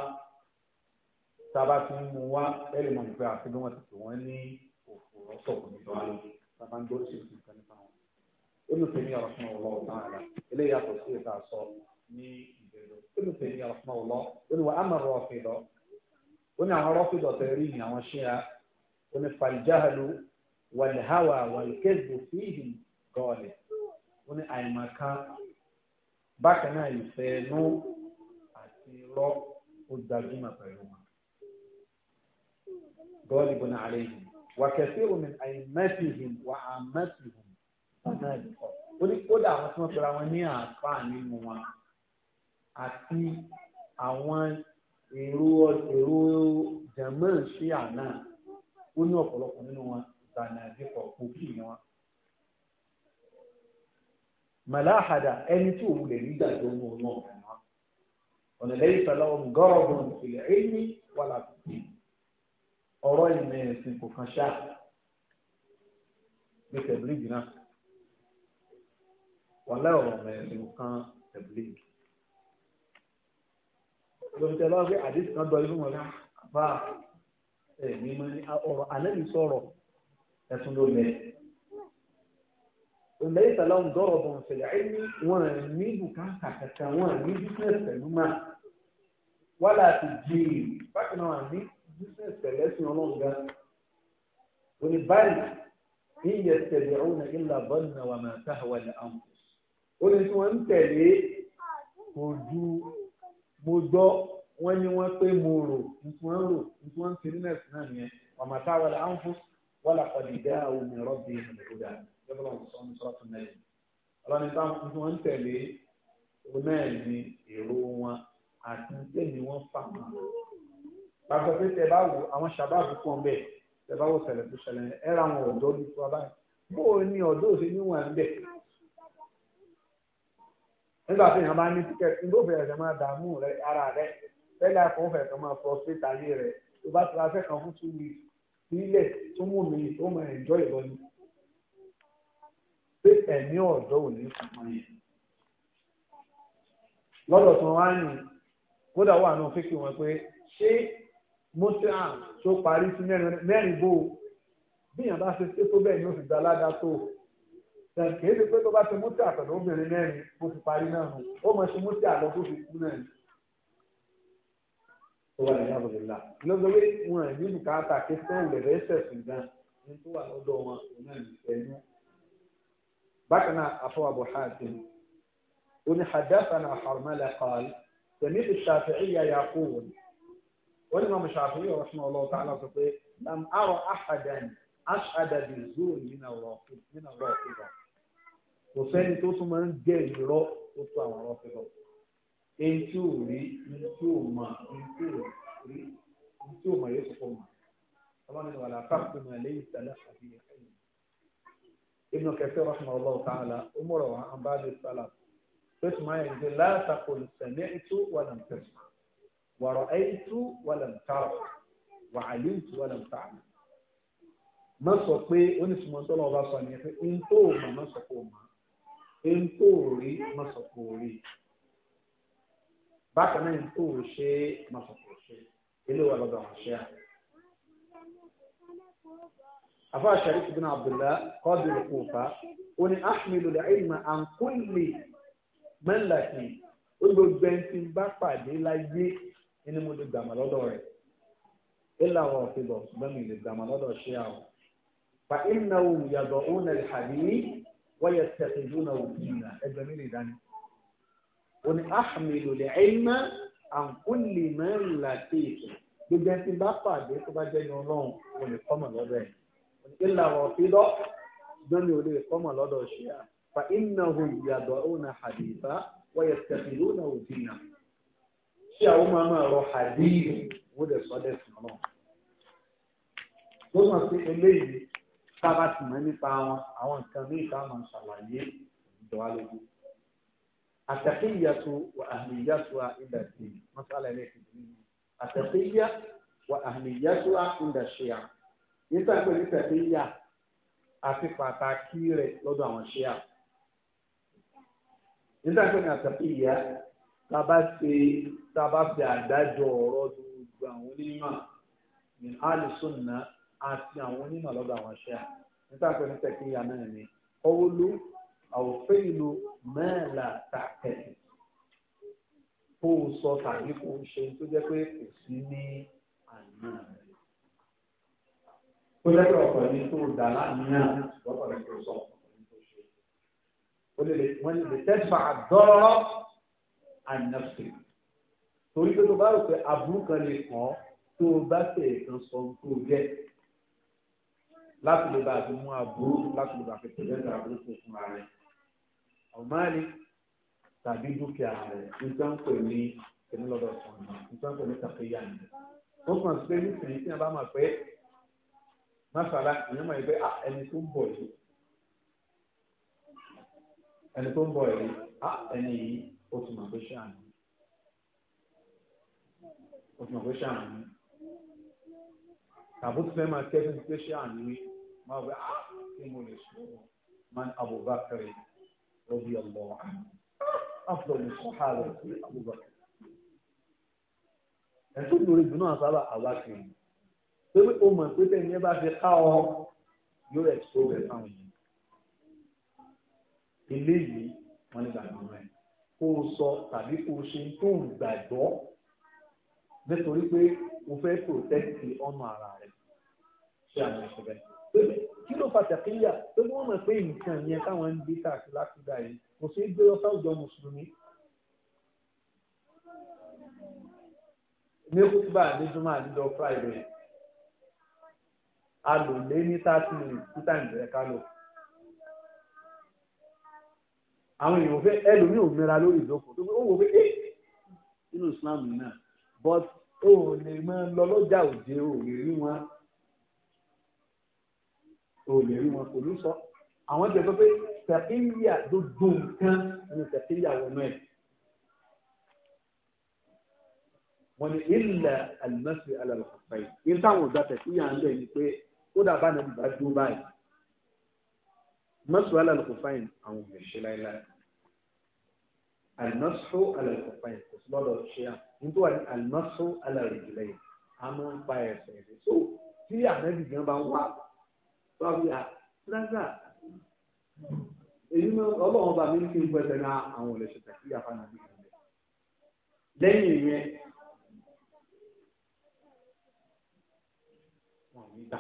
tába tí ń mú wá bẹ́ẹ̀ mọ̀ nípa àti bí ti pè wọ́n ní òfò ọ̀sọ̀kùnrin lọ́wọ́ lọ́wọ́ tábà ń gbọ́ sí ìfúnkan nípa wọn. ابن تيمية رحمه الله تعالى إليه تفسير تعصب ابن تيمية رحمه الله وأما الرافضة وأن الرافضة تيرين وشيعة وأن فالجهل والهوى والكذب فيهم غالب وأن المكان bákan náà ìfẹ́ inú àti irọ́ ó gbajúmọ̀ pẹ̀lú wọn. gọ́ọ̀lì bùnà ọ̀nà ẹ̀kọ́ ó ní kódà àwọn tí wọ́n pera wọn ní àáfàá nínú wọn àti àwọn èrò èrò jẹ̀mọ́ ṣí àná ó ní ọ̀pọ̀lọpọ̀ nínú wọn ìgbàna ìdíkọ̀ òkú ni wọn. màláhàdà ẹni tí òun lè rí gbàgbọ́ ní ọmọ ọ̀gá wọn ọ̀nà lẹ́yìn ìfẹ́lẹ́ ọmọ gọ́ọ̀gùn ìpìlẹ̀ ẹ̀yìn wà láti ọ̀rọ̀ ìmọ̀ ẹ̀sìn kò kan ṣáà ní tẹ̀blígì náà wọn lẹ ọ̀rọ̀ rẹ nǹkan tẹbílẹ lóòótọ́ lọ́wọ́ pé àdéhùn kan dọ̀ọ́ inú wọn náà bá ẹ̀mí mọ́ ní ọ̀rọ̀ alẹ́ mi sọ̀rọ̀ ẹ̀sùn ló lẹ̀ lẹ́yìn tàlà ń dọ̀rọ̀ bọ̀ ṣẹlẹ̀ ẹ̀mí wọn ní bùkátà kàkà wọn ní bísíǹsì pẹ̀lú máa wà láti jìnnì bákan náà ní bísíǹsì pẹ̀lú ẹ̀sìn ọlọ́run ó ní tí wọ́n ń tẹ̀lé kò ju mo gbọ́ wọ́n ní wọ́n pé mo rò ní tí wọ́n rò ní tí wọ́n ń sin nẹ́ẹ̀sì náà nìyẹn ọmọ táwọn là ń fún wọ́n là pàdé dá omi rọ́bì ìrìnàjò lọ́wọ́ sọ́nù sọ́ọ̀tún náà ọlọ́ni táwọn tí wọ́n ń tẹ̀lé òun náà ní èrò wọn àti tẹ̀lé wọn fáwọn pàṣẹ pé tẹ bá wò àwọn sábàbù pọ̀ bẹ́ẹ̀ tẹ bá wò ṣẹlẹ̀ tó ṣẹlẹ̀ ẹ̀ ra àwọn ọ̀dọ́ bí nígbà tí èèyàn bá ní tíkẹ́ẹ̀tì ló fẹ̀rẹ̀ sẹ́ máa dààmú rẹ ara rẹ tẹ́lẹ̀ àpò fẹ̀rẹ̀ sẹ́ máa fọ sí ìtàyé rẹ tó bá tura fẹ́ kan fún two weeks sílẹ̀ tó mú mi tó mọ ẹ̀jọ́ ìlọ́ni pé ẹ̀mí ọ̀dọ́ ò ní kùmọ̀ yẹn lọ́dọ̀ tí wọ́n wá ní kódà wà náà fífi wọn pé ṣé mọ́tíhàn tó parí sí mẹ́rin bó bí bá ṣe ṣe tó bẹ́ẹ̀ ni ó sì dá ládàá tó kìí ṣe pé tó bá ṣe mútí àtọ̀dọ̀ obìnrin mẹ́rin mo ti parí náà nù ó mọ̀ ṣe mútí àlọ́ tó fi kú náà ni. wà lẹ́yìn àbọ̀dé ńlá lọ́gbẹ́wé wọn ní bùkátà kí sẹ́yìn na ṣẹ̀sùn gan ní tó wà lọ́dọ̀ wọn náà ní ẹnu. bákan náà afọ àbọ̀ hàtì ó ní na Harmala qal tẹ̀mí ti Shafi'i ya ní kò sẹ́ni tó tún máa ń jẹ́ ìrọ́ tó tó àwọn ọ̀rọ̀ fẹ́ràn èyí tí ò rí èyí tí ò mà èyí tí ò rí èyí tí ò mà yóò sọ̀kọ̀ mà ọlọ́run ní wàhálà káàkiri mà lẹ́yìn ìsàlẹ̀ àti ìyẹn Ibn Kathir rahimahullah ta'ala ó mọ̀rọ̀ wá an bá lè sálà fẹ́tù máa yẹn jẹ́ látàkùn sami'tu wa lam tasma wa ra'aytu wa lam tara wa 'alimtu wa lam ta'lam má sọ pé onísùmọ̀tò lọ́wọ́ bá sọ ni ẹ pé n tó o mà ń tó rí mọ̀sọ̀kò rí bákan náà ń tó ṣe mọ̀sọ̀kò ṣe ilé wa lọ́dọ̀ àwọn ṣe à. afa sharif bin abdullah qadi al-kufa ó ní ahmilu al-ilma an kulli man laki ó gbogbo ẹni tí ń bá pàdé láyé ẹni mo lè gbàmà lọ́dọ̀ rẹ̀ ilà wọn fi bọ̀ ṣùgbọ́n mi lè gbàmà lọ́dọ̀ ṣe à. fa innahum yad'una al-hadith wọ́yẹ tẹ̀síbú náà wò fún ìlà ẹgbẹ́ mi lè dání. o ní ahamilu lè ẹ̀yìnmá àǹkúlì mẹ́rin làtí ìfẹ́ gbogbo ẹtì bá pàdé tó bá jẹ́ ní ọlọ́run o lè kọ́mọ̀ lọ́dọ̀ ẹ̀. ìlà ọ̀fi lọ gbẹ́mi ò lè kọ́mọ̀ lọ́dọ̀ ṣe à fa iná hu ìyàdọ̀ òun àdìbá wọ́yẹ tẹ̀síbú náà wò ṣé àwọn máa máa rọ àdìbò wọ́n dẹ̀ sọ́dẹ̀ sí ọlọ́run sábà sì mọ̀ nípa wọn àwọn nǹkan ní ìta máa ṣàlàyé ìjọba lójú. àtẹ̀kéyàtò wà àmìyàtò àìdàtì mọ́sálà ẹlẹ́kìtì nínú àtẹ̀kéyà wà àmìyàtò àìdàṣẹ́yà nígbà pé ní tẹ̀kéyà àti pàtàkì rẹ̀ lọ́dọ̀ àwọn ṣẹ́yà. nígbà pé ní àtẹ̀kéyà tábà ṣe tábà ṣe àdájọ ọ̀rọ̀ gbogbo àwọn onímọ̀ ní alùsùn náà àti àwọn onímọ̀ lọ́dọ̀ àwọn ṣẹ́ nígbà pé ní tẹ̀kíyà náà ni ọwọ́ ló àwòfẹ́ ìlú mẹ́ẹ̀lá tàkẹ́ kó o sọ tàbí kó o ṣe tó jẹ́ pé kò sí ní àná rẹ̀. ó jẹ́ pé ọ̀pọ̀ ẹni tó dà láàmìíràn lọ́pọ̀ ẹni tó sọ wọ́n lè tẹ́sà àdọ́rọ́ ànáfẹ́ torí pé tó bá rò pé aburú kan lè kàn tó o bá tẹ̀ ẹ̀kan sọ tó o jẹ́ láti lè bá àti mú aburú láti lè bá fi tẹ̀lé ní aburú fún fún ààrẹ ọ̀mọ́ni tàbí dúkìá rẹ̀ nítorí pé ní ẹni lọ́dọ̀ sọ̀rọ̀ nítorí pé ní kàféyà ni ó kàn sí pé nísìnyí tí wọ́n bá mọ̀ pé masala ìyẹn mọ̀ pé ẹni tó ń bọ̀ yìí ẹni tó ń bọ̀ yìí ẹni yìí ó ti mọ̀ pé ṣáà ni ó ti mọ̀ pé ṣáà ni tàbó tí fẹ́ máa kẹ́sìn pé ṣé àní máa wẹ á kí mo lè sùn wọn máa ní Abubakar rọbì ọlọ afọlù sọhà rẹ sí Abubakar ẹtú ìdòrè ìdùnnú àsábà àwa kiri pé pé o mọ̀ pé tẹ̀yìn ẹ bá fi ká ọ yóò rẹ̀ tó rẹ̀ fáwọn yìí eléyìí wọn ní gbàgbọ́ rẹ̀ kó o sọ tàbí kó o ṣe tó ń gbàgbọ́ nítorí pé o fẹ́ protect ọ̀nà ara rẹ̀ ṣé àmì ìṣẹ̀bẹ̀. kí ló fa tẹ̀kíyà pé wọ́n mọ̀ pé nǹkan yẹn káwọn ń gbé káàkiri láti dà yìí kò sí gbé lọ sáwùjọ mùsùlùmí. ní kútùbà ní jùmọ̀ àdìjọ friday a lò lé ní thirty minutes two times ẹ̀ka lò àwọn èèyàn fẹ́ ẹlòmí ò mẹ́ra lórí ìdókòó tó ó wò pé é eh! nínú Islam náà but ó lè máa lọ lọ́jà òde òwe rí wọn tó lè rí wọn kò ló sọ àwọn jẹ sọ pé tẹkíríà gbogbo nǹkan ni tẹkíríà wọn náà wọn ni ilẹ̀ alimẹ́sì alàlùfàfà yìí ní táwọn ọ̀gá tẹkíríà ń lẹ̀ ni pé ó dàbá nàbí bá dúró báyìí mẹ́sù alàlùfàfà yìí àwọn ò ṣe láéláé alimẹ́sù alàlùfàfà yìí kò sí lọ́dọ̀ ṣe à nítorí alimẹ́sù alàlùfàfà yìí a ń pa ẹ̀sẹ̀ ẹ̀sẹ̀ so tí ànábì gan bá ń wàá fi à tíráṣà èyí ọlọ́run bá mi ń fi ń pẹ́sẹ̀ ní àwọn ọ̀lẹ́sẹ̀ tàbí àfààní àbí ìgbàlẹ̀ lẹ́yìn ìyẹn wọn ò ní gbà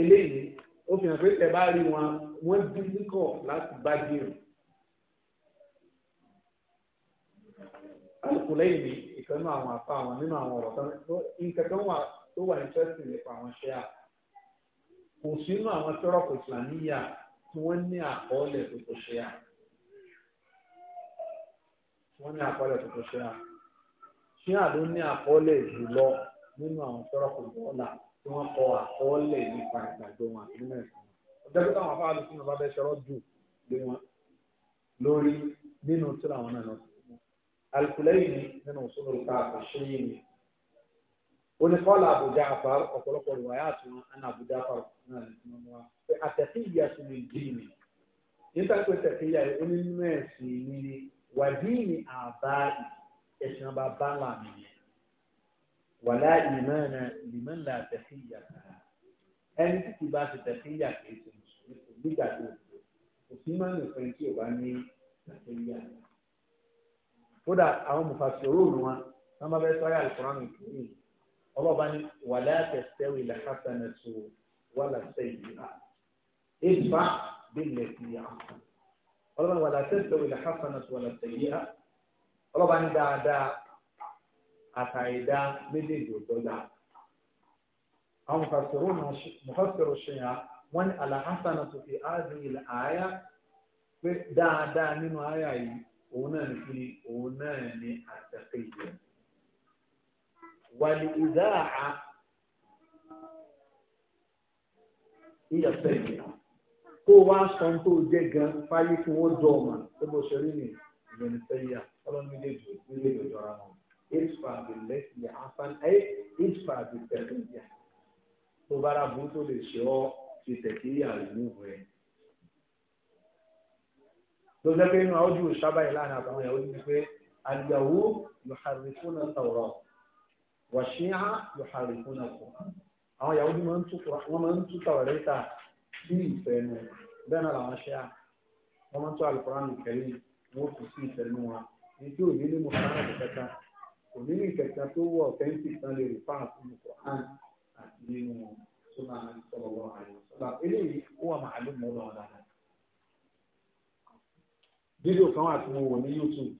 eléyìí ó fi hàn pé tẹ bá rí wọn wọn bí níkọ láti bá dìrò alùpùpù lẹ́yìn mi ìkan náà àwọn àfa àwọn nínú àwọn ọ̀rọ̀ tó nǹkan tó wà tó wà ní tẹ́sí nípa àwọn ṣẹ́yà kò sínú àwọn tọ́rọ̀kù islamiyà tí wọ́n ní àkọọ́lẹ̀ tuntun ṣe à. wọ́n ní àkọọ́lẹ̀ tuntun ṣe à. ṣé àló ní àkọọ́lẹ̀ jùlọ nínú àwọn tọ́rọ̀kù bọ́ọ̀là tí wọ́n kọ àkọọ́lẹ̀ nípa ìgbàgbọ́ wọn àti nínú ẹ̀sìn wọn. ọjọ́ pé táwọn afáàlù sínú bá bẹ́ẹ̀ ṣọ́rọ́ jù lé wọn lórí nínú tí làwọn náà lọ sí. alùpùpù lẹ́yìn nínú òṣèlú ká àkàṣe yìí onífọ́lá àbújá afa ọ̀pọ̀lọpọ̀ ìwàyà àtúnwá ẹ̀nà àbújá afa náà lè tún wá pé àtẹ̀kíyà tún lè dì mí nígbà pé àtẹ̀kíyà yìí ó ní nínú ẹ̀sìn mi ni wàdíìnì àbá ẹ̀sìn bàbá là mí yẹn wàlá ìmọ̀nà ìmọ̀nà àtẹ̀kíyà kàrà ẹni tí kì bá ti tẹ̀kíyà kì í ṣe mùsùlùmí kò nígbà máa ń طبعا ولا تستوي لحسنة ولا سيئة ادفع بالتي أحسن طبعا ولا تستوي لحسنة ولا سيئة طبعا دا دا أتعيدا بدي دودا دا أو مفسرون مفسر الشيعة من على حسنة في هذه الآية دا دا من آية ونان في ونان أتقيه والإذاعة هي الترجمة kó wá san tó jẹ gan fáyé fún wọn jọ ọmọ tó bó ṣe rí ni ìyẹn tẹyà ọlọ́run ilé ìjọ ilé ìjọ ara wọn ìfà àbẹlẹ ìyá afán ẹ ìfà àbẹtẹlẹ ìyá tó bára bú tó lè ṣe ọ ti tẹkí ìyá ìmúwò ẹ. tó pé inú àwọn ojú ìṣàbáyé láàrin àtàwọn ìyàwó ti pé àgbàwó yóò fún ẹ̀ wàṣíhá yòhàrìkúnà kù àwọn Yahudi máa ń tú wọn máa ń tú tàwárẹ́tà sí ìfẹ́ nu bẹ́ẹ̀ náà làwọn ṣíà wọn máa ń tú alukóránù kẹ́lí wọn kù sí ìfẹ́ nu wa ní tí òní ní mọ̀lára kẹta òní ní kẹta tó wọ ọ̀tẹ́ńtì kan lè rí fáà fún ìkọ̀ hàn àti nínú sọ́nà sọ̀rọ̀ àyọ̀sọ́lá eléyìí ó wà màálù mọ́ lọ́wọ́ dáadáa. wà tí mo wò ní YouTube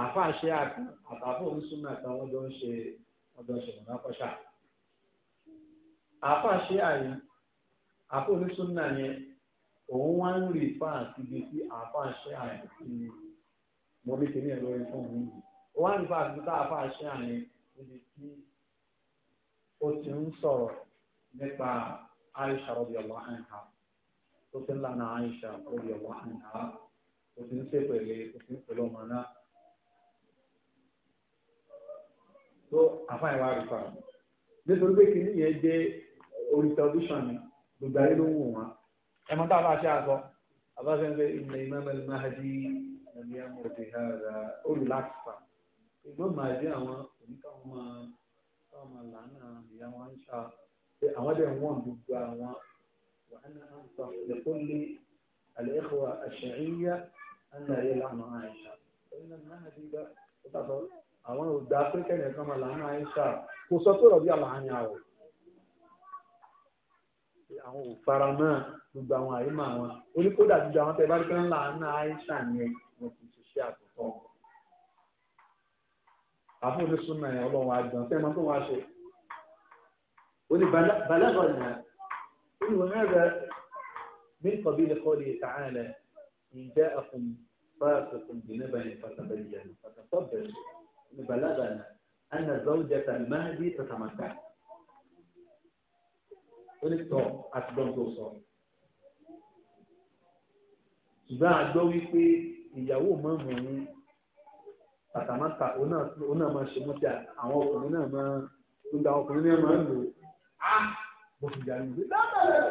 àfa ṣe àtàn àtàfọ onísùnmọ àtàn wọn jọ ń ṣe wọn jọ ń ṣe mọ̀nà kọ́ṣà àfa ṣe àyè àfọ onísùnmọ yẹn òun wá ń rí ifá àti ibi tí àfa ṣe àyè ti mọ bí kìnìún ẹ̀rọ ẹ̀fọ́ mi wá ń rí ifá àti àfa ṣe àyè níbi tí ó ti ń sọ̀rọ̀ nípa Aisha radiyallahu anha tó ti ń lànà Aisha radiyallahu anha tó ti ń ṣèpèlè tó ti ń pèlè ọmọ náà. tó àfáàyàn wa rí fáwọn nítorí pé kìnìún yẹn dé orí tẹlifíṣàn ni gbogbo ayé ló ń wò wọn ẹ mọ táwọn aṣọ àṣọ àbáṣe ń pẹ ìmọ̀ ìmọ̀ ìmọ̀hadí ẹ̀mí amòfin ara olùlàkìfà ìgbọ́n màdí àwọn oníkàwọn máa káwọn máa làánà ìyá wọn ń ṣá pé àwọn dẹ̀ wọ́n gbogbo àwọn wàhánà àǹfà lẹ́kọ́lé àlẹ́kọ̀ọ́ àṣẹ̀yíyá ẹ̀ ń lọ ayé lánàá àìṣà ẹ̀ ń lọ àwọn ògbà pé kẹ́nìyàn kan máa làánú àyíṣà kò sọ pé rọ̀bí àlàáni àwọ̀ àwọn òfara náà gbogbo àwọn àyímọ̀ àwọn oníkódà gbogbo àwọn tẹ bá rí pé ńlá àánú àyíṣà yẹn wọn kì í ṣiṣẹ́ àtúntò àfún ní súnmọ́ ẹ̀ ọlọ́run àjọyọ̀ tẹ́ ẹ máa tó wá ṣe ó ní balẹ́bọ̀ nìyẹn ó rẹ̀ mí kọ̀bí lè kọ́ lè tàn án lẹ̀ ìjẹ́ ẹkùn fáàkùn bìnnẹ́bẹ̀ẹ́ fàtàbẹ̀yẹ̀ fàtàbẹ̀yẹ̀ بلغنا أن زوجة المهدي تتمتع ó ní tọ́ àtúgbọ́n tó sọ ṣùgbọ́n a gbọ́ wípé ìyàwó mọ́mù ní pàtàmátà òun náà máa ṣe mọ́tì àwọn ọkùnrin náà máa ń gba ọkùnrin náà máa ń lò á bó fi jà nínú láàbàlẹ̀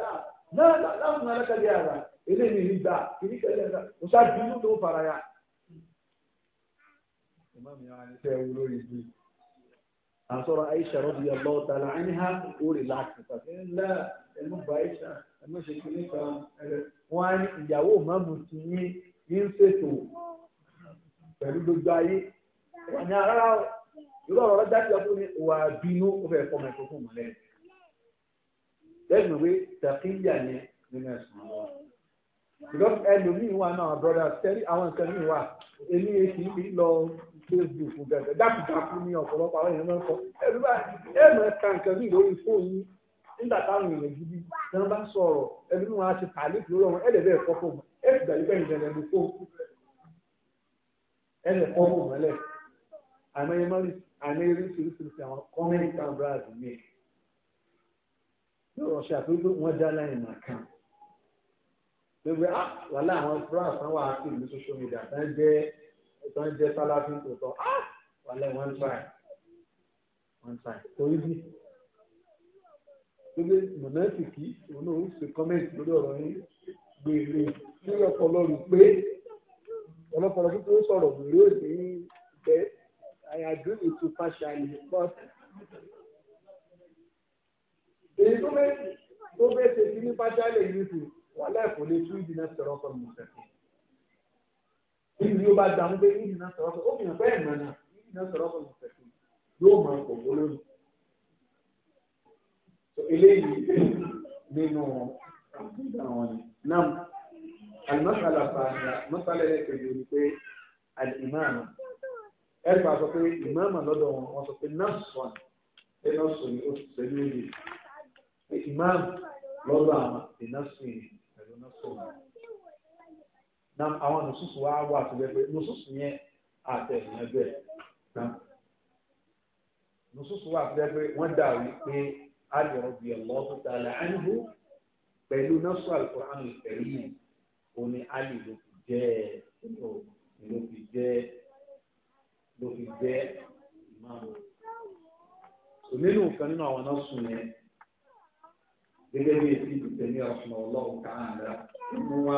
láàbàlẹ̀ láàbàlẹ̀ kẹ́lẹ́ àrà eléyìí nígbà kìíní kẹ́lẹ́ àrà òṣàdúró tó fara ya àsọ̀rọ̀ Aisha rọ́bì ọlọ́ tààlà ẹnìhà orí láti pàṣẹ ńlá ẹnu bá Aisha ẹnu ṣe kí nípa wọn á ní ìyàwó mọ́mù tí yín yín ṣètò pẹ̀lú gbogbo ayé wọn ní arára irú bínú ó fẹ́ fọmọ ẹ̀kọ́ fún mọ́lẹ́ lẹ́nu tàkíyà yẹn nínú ẹ̀sùn àwọn because ẹlòmíín wà náà brother tẹ́lí àwọn nǹkan míín wà èmi èsì lọ facebook gẹ̀gẹ̀ dákùdákù ní ọ̀pọ̀lọpọ̀ àwọn èèyàn máa ń kọ ẹ̀rọ ẹ̀mọ̀ ẹ̀ka nǹkan bí lórí fóònù yìí nígbà gidi ni wọ́n bá sọ̀rọ̀ ẹbí wọn á ti tàlé lórí ọ̀hún ẹ̀dẹ̀ ṣe mà kàn gbogbo wàhálà àwọn wà ẹ̀sán jẹ́ sáláfín tó tọ́ ah! wà lẹ́ one time one time torí bí lóde mọ̀nẹ́sìkì òun náà ó ṣe kọ́mẹ́ǹtì lórí ọ̀rọ̀ yín gbèrè ní ọpọlọ rò pé ọlọ́pọlọ púpọ̀ ó sọ̀rọ̀ gbèrè ó sì ń bẹ àyàdún ètò fàṣàlì pọ̀ èyí tó bẹ́ẹ̀ tó bẹ́ẹ̀ ṣe sí ní fàṣàlì yìí tù wọ́n láì kò lè tún ìdí náà sọ̀rọ̀ pọ̀ mọ̀ sẹ́kọ̀ọ́ níbi yóò bá gbà ń gbé níbi náà sọ̀rọ̀ fún òmìnira pé ẹ̀mọ̀ náà níbi náà sọ̀rọ̀ fún ìfẹ̀sùn yóò máa pọ̀ lórí. eléyìí nínú àkúndà wọn náà alimọ́sálà fàáyà mọ́sálà ẹlẹ́kẹ̀ẹ́ yóò ní pé alìmáàmù ẹ̀rọ àsọ pé ìmáàmù lọ́dọ̀ wọn wọ́n sọ pé nọ́ọ̀sùn pé nọ́ọ̀sùn ni ó sọ ní òye lọ́dọ̀ àwọn ìnáṣùn ìnáṣùn nam àwọn nùsùsù wa wà tó bẹ pé nùsùsù yẹn àtẹ̀yìn ẹgbẹ́ nam nùsùsù wa tó bẹ pé wọ́n dà wí pé Ali radiyallahu ta'ala anhu pẹ̀lú nọ́ọ̀sù al-Qur'an al-Karim òní Ali ló fi jẹ́ ló fi jẹ́ ló fi jẹ́ ìmáàmù nínú kan nínú àwọn nọ́ọ̀sù yẹn gẹ́gẹ́ bí etí ìdìtẹ̀ ní ọ̀sán ọlọ́run káàdà mú wa.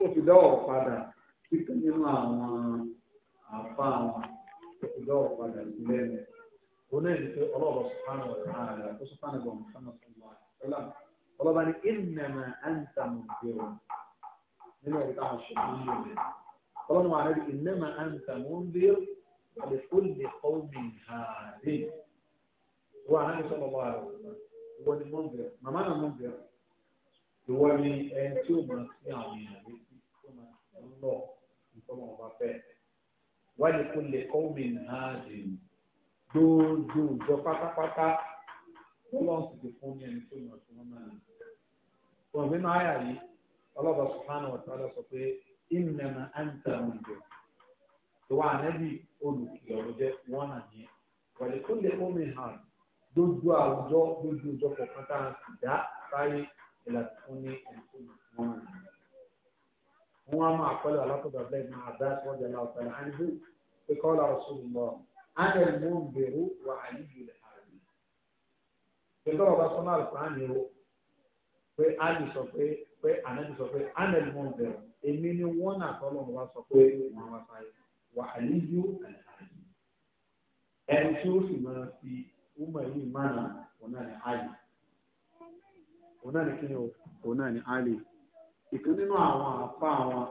tó fi dọ́wọ́ padà kíkọ́ nínú àwọn àfa àwọn tó fi dọ́wọ́ padà sílẹ̀ rẹ̀. òun náà ní pé ọlọ́ọ̀bọ sùpánù ọ̀rọ̀ ààrẹ tó sùpánù bọ̀ mùsùlùmí sọ̀rọ̀ àtẹ́lá ọlọ́ba ní ìnàmà àǹtà mùgbèrò nínú ọ̀rọ̀ táwọn ṣùgbọ́n ń lò rẹ̀ ọlọ́run ààrẹ ní ìnàmà àǹtà mùgbèrò àlẹ́kùnlé ọ̀mìn ààrẹ wọ́n àná ìsọ̀rọ̀ bọ̀ àrẹ ìwọ ni mọ̀gbẹ̀rẹ̀ màmá náà mọ̀gbẹ̀rẹ̀ ìwọ ni ẹni tí ó máa sí àwọn èèyàn lé ń lọ nítorí wọn bá fẹ́ wáyé kó lè kọ́ omi náà dì gbogbo ìjọ pátápátá Ọlọ́run sì ti fún ní ẹni tó yàn tí wọ́n máa ń lò wọn nínú àyà yìí ọlọ́ba subhanahu wa ta'ala sọ pé innama anta munzir ìwà ànábì olùkìlọ̀ jẹ́ wọ́n nà ní wàlẹ̀ kó lè kó mi hàn dojú àwùjọ dojú ìjọ kọ̀ọ̀kan tá a sì dá sáyé ìlànà fún ní ẹni tó yàn tí wọ́n máa ń wọn máa pẹ̀lú alákòóbá bẹ́ẹ̀ máa dá sọjà láwùjọ àìsí ìkọlà ọsùnmọ àyẹ mú bẹ̀rù wà àyíjú rẹ àrí. ìjọba ọba sọnà àlùkùrán ni o pé àyè sọ pé pé ànájú sọ pé àyẹ mú bẹ̀rù èmi ni wọn náà kọ lọ́wọ́ wa sọ pé wọn wá sáyé wà àyíjú rẹ àrí. ẹni tí ó sì máa fi ọmọ yìí mánà òun náà ni àyè òun náà ni kí o òun náà ni àyè. ìkan nínú àwọn àpá àwọn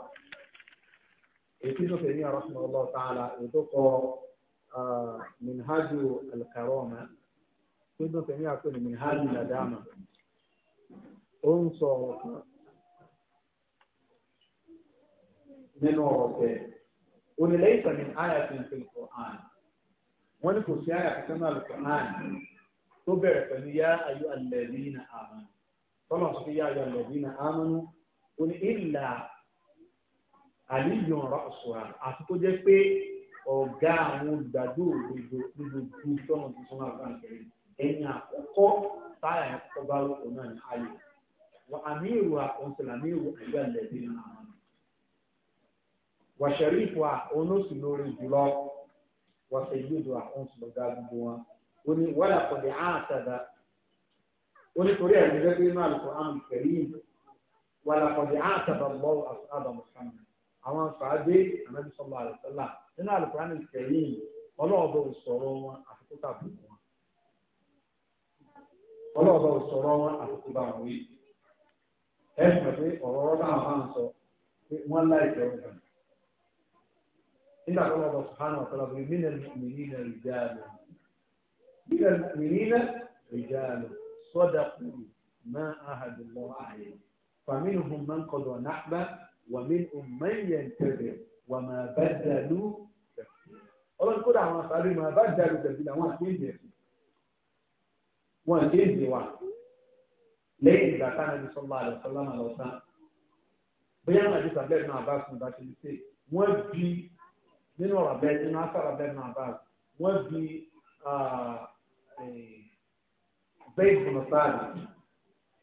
èyí tó fẹ́ ní arásùnmọ́ ọlọ́ọ̀ tààlà ètò kọ minhaju alkaroma tó tó fẹ́ ní àpò ní minhaju nadama ó ń sọ ọ̀rọ̀ kan nínú ọ̀rọ̀ tẹ̀ onílẹ̀ ní àyà tó ń pè kọ́ àn wọ́n ní kò sí àyà tó ń pè àn tó bẹ̀rẹ̀ pẹ̀lú yá ayú alladhina amanu tọ́lọ̀ sọ pé yá ayú alladhina amanu. ó ní ìlà àlìyàn rọ̀ṣùrà àti tó jẹ́ pé ọ̀gá àwọn olùgbàdo òdodo nígbòdú tọ́nà tó súnmọ́ àgbàǹkẹ́rẹ́ ẹ̀yìn àkọ́kọ́ táyà ẹ̀kọ́ bá lọ́kọ̀ náà ní ayò wọ́n àmì ìrù àkọ́ńsẹ̀lẹ̀ àmì ìrù àyíká ìlẹ̀dí náà àwọn wàṣẹ̀rí ìfọ̀ àkọ́ńsẹ̀ lórí jùlọ wàṣẹ̀ ìgbèdò àkọ́ńsẹ̀ lọ́gá gbogbo wọn ó ní wọ́n àkọ́dẹ̀ àtàdá ó ní torí ẹ̀rí wàlàkọ̀dì àtàbà lọ́wọ́ àfúrábà mùsàlùmí àwọn àfàdé ànábì sọlá àlùsọlá nínú àlùkùránì kẹyìn ọlọ́ọ̀bọ̀ sọ̀rọ̀ wọn àfikún tàbí wọn ọlọ́ọ̀bọ̀ sọ̀rọ̀ wọn àfikún bá wọn yìí ẹ sọ pé ọ̀rọ̀ ọ̀rọ̀ náà máa ń sọ pé wọ́n láì jẹ́ ọ̀gá nígbà tó lọ́wọ́ sọ̀hánà ọ̀tọ́lá pé mílẹ̀ mìíràn rìjà lọ mìíràn rìjà فمنهم من قضى نحبه ومنهم من ينتظر وما بدلوا ọlọ́run kódà àwọn àṣàrí máa bá dàrú tẹ̀sí làwọn àkéèjì ẹ̀sìn wọn àkéèjì wa lẹ́yìn ìgbà táwọn ẹni sọ́lá àlọ́ sọ́lá àlọ́ sá bóyá wọn àti sàbẹ́ẹ̀ náà bá sùn bá ṣe lè ṣe wọ́n bí nínú ọ̀rọ̀ bẹ́ẹ̀ nínú àṣàrà bẹ́ẹ̀ náà bá wọ́n bí bẹ́ẹ̀ sọ̀rọ̀ sáà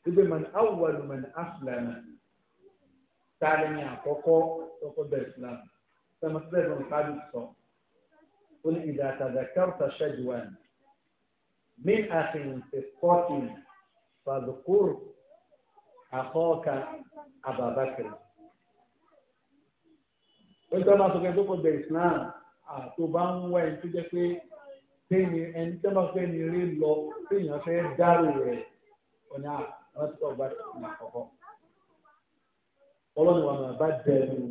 gbogbo man awwalu man aslama taari ni àkọ́kọ́ tọkọ bẹ islam sẹmọsẹ bẹ nkàlù sọ ó ní ìdá tadhakarta shajwan min akhin fi qatin fadhkur akhaka ababakar ó ní tọ́ ma sọ pé tọkọ bẹ islam àtò bá ń wá ẹni tó jẹ́ pé ẹni tó bá fẹ́ ni rí lọ téèyàn fẹ́ dárò rẹ̀ ọ̀nà wọn ti sọ ọgbà tó ti kọkọ ọlọ́run wa máa bá dẹnu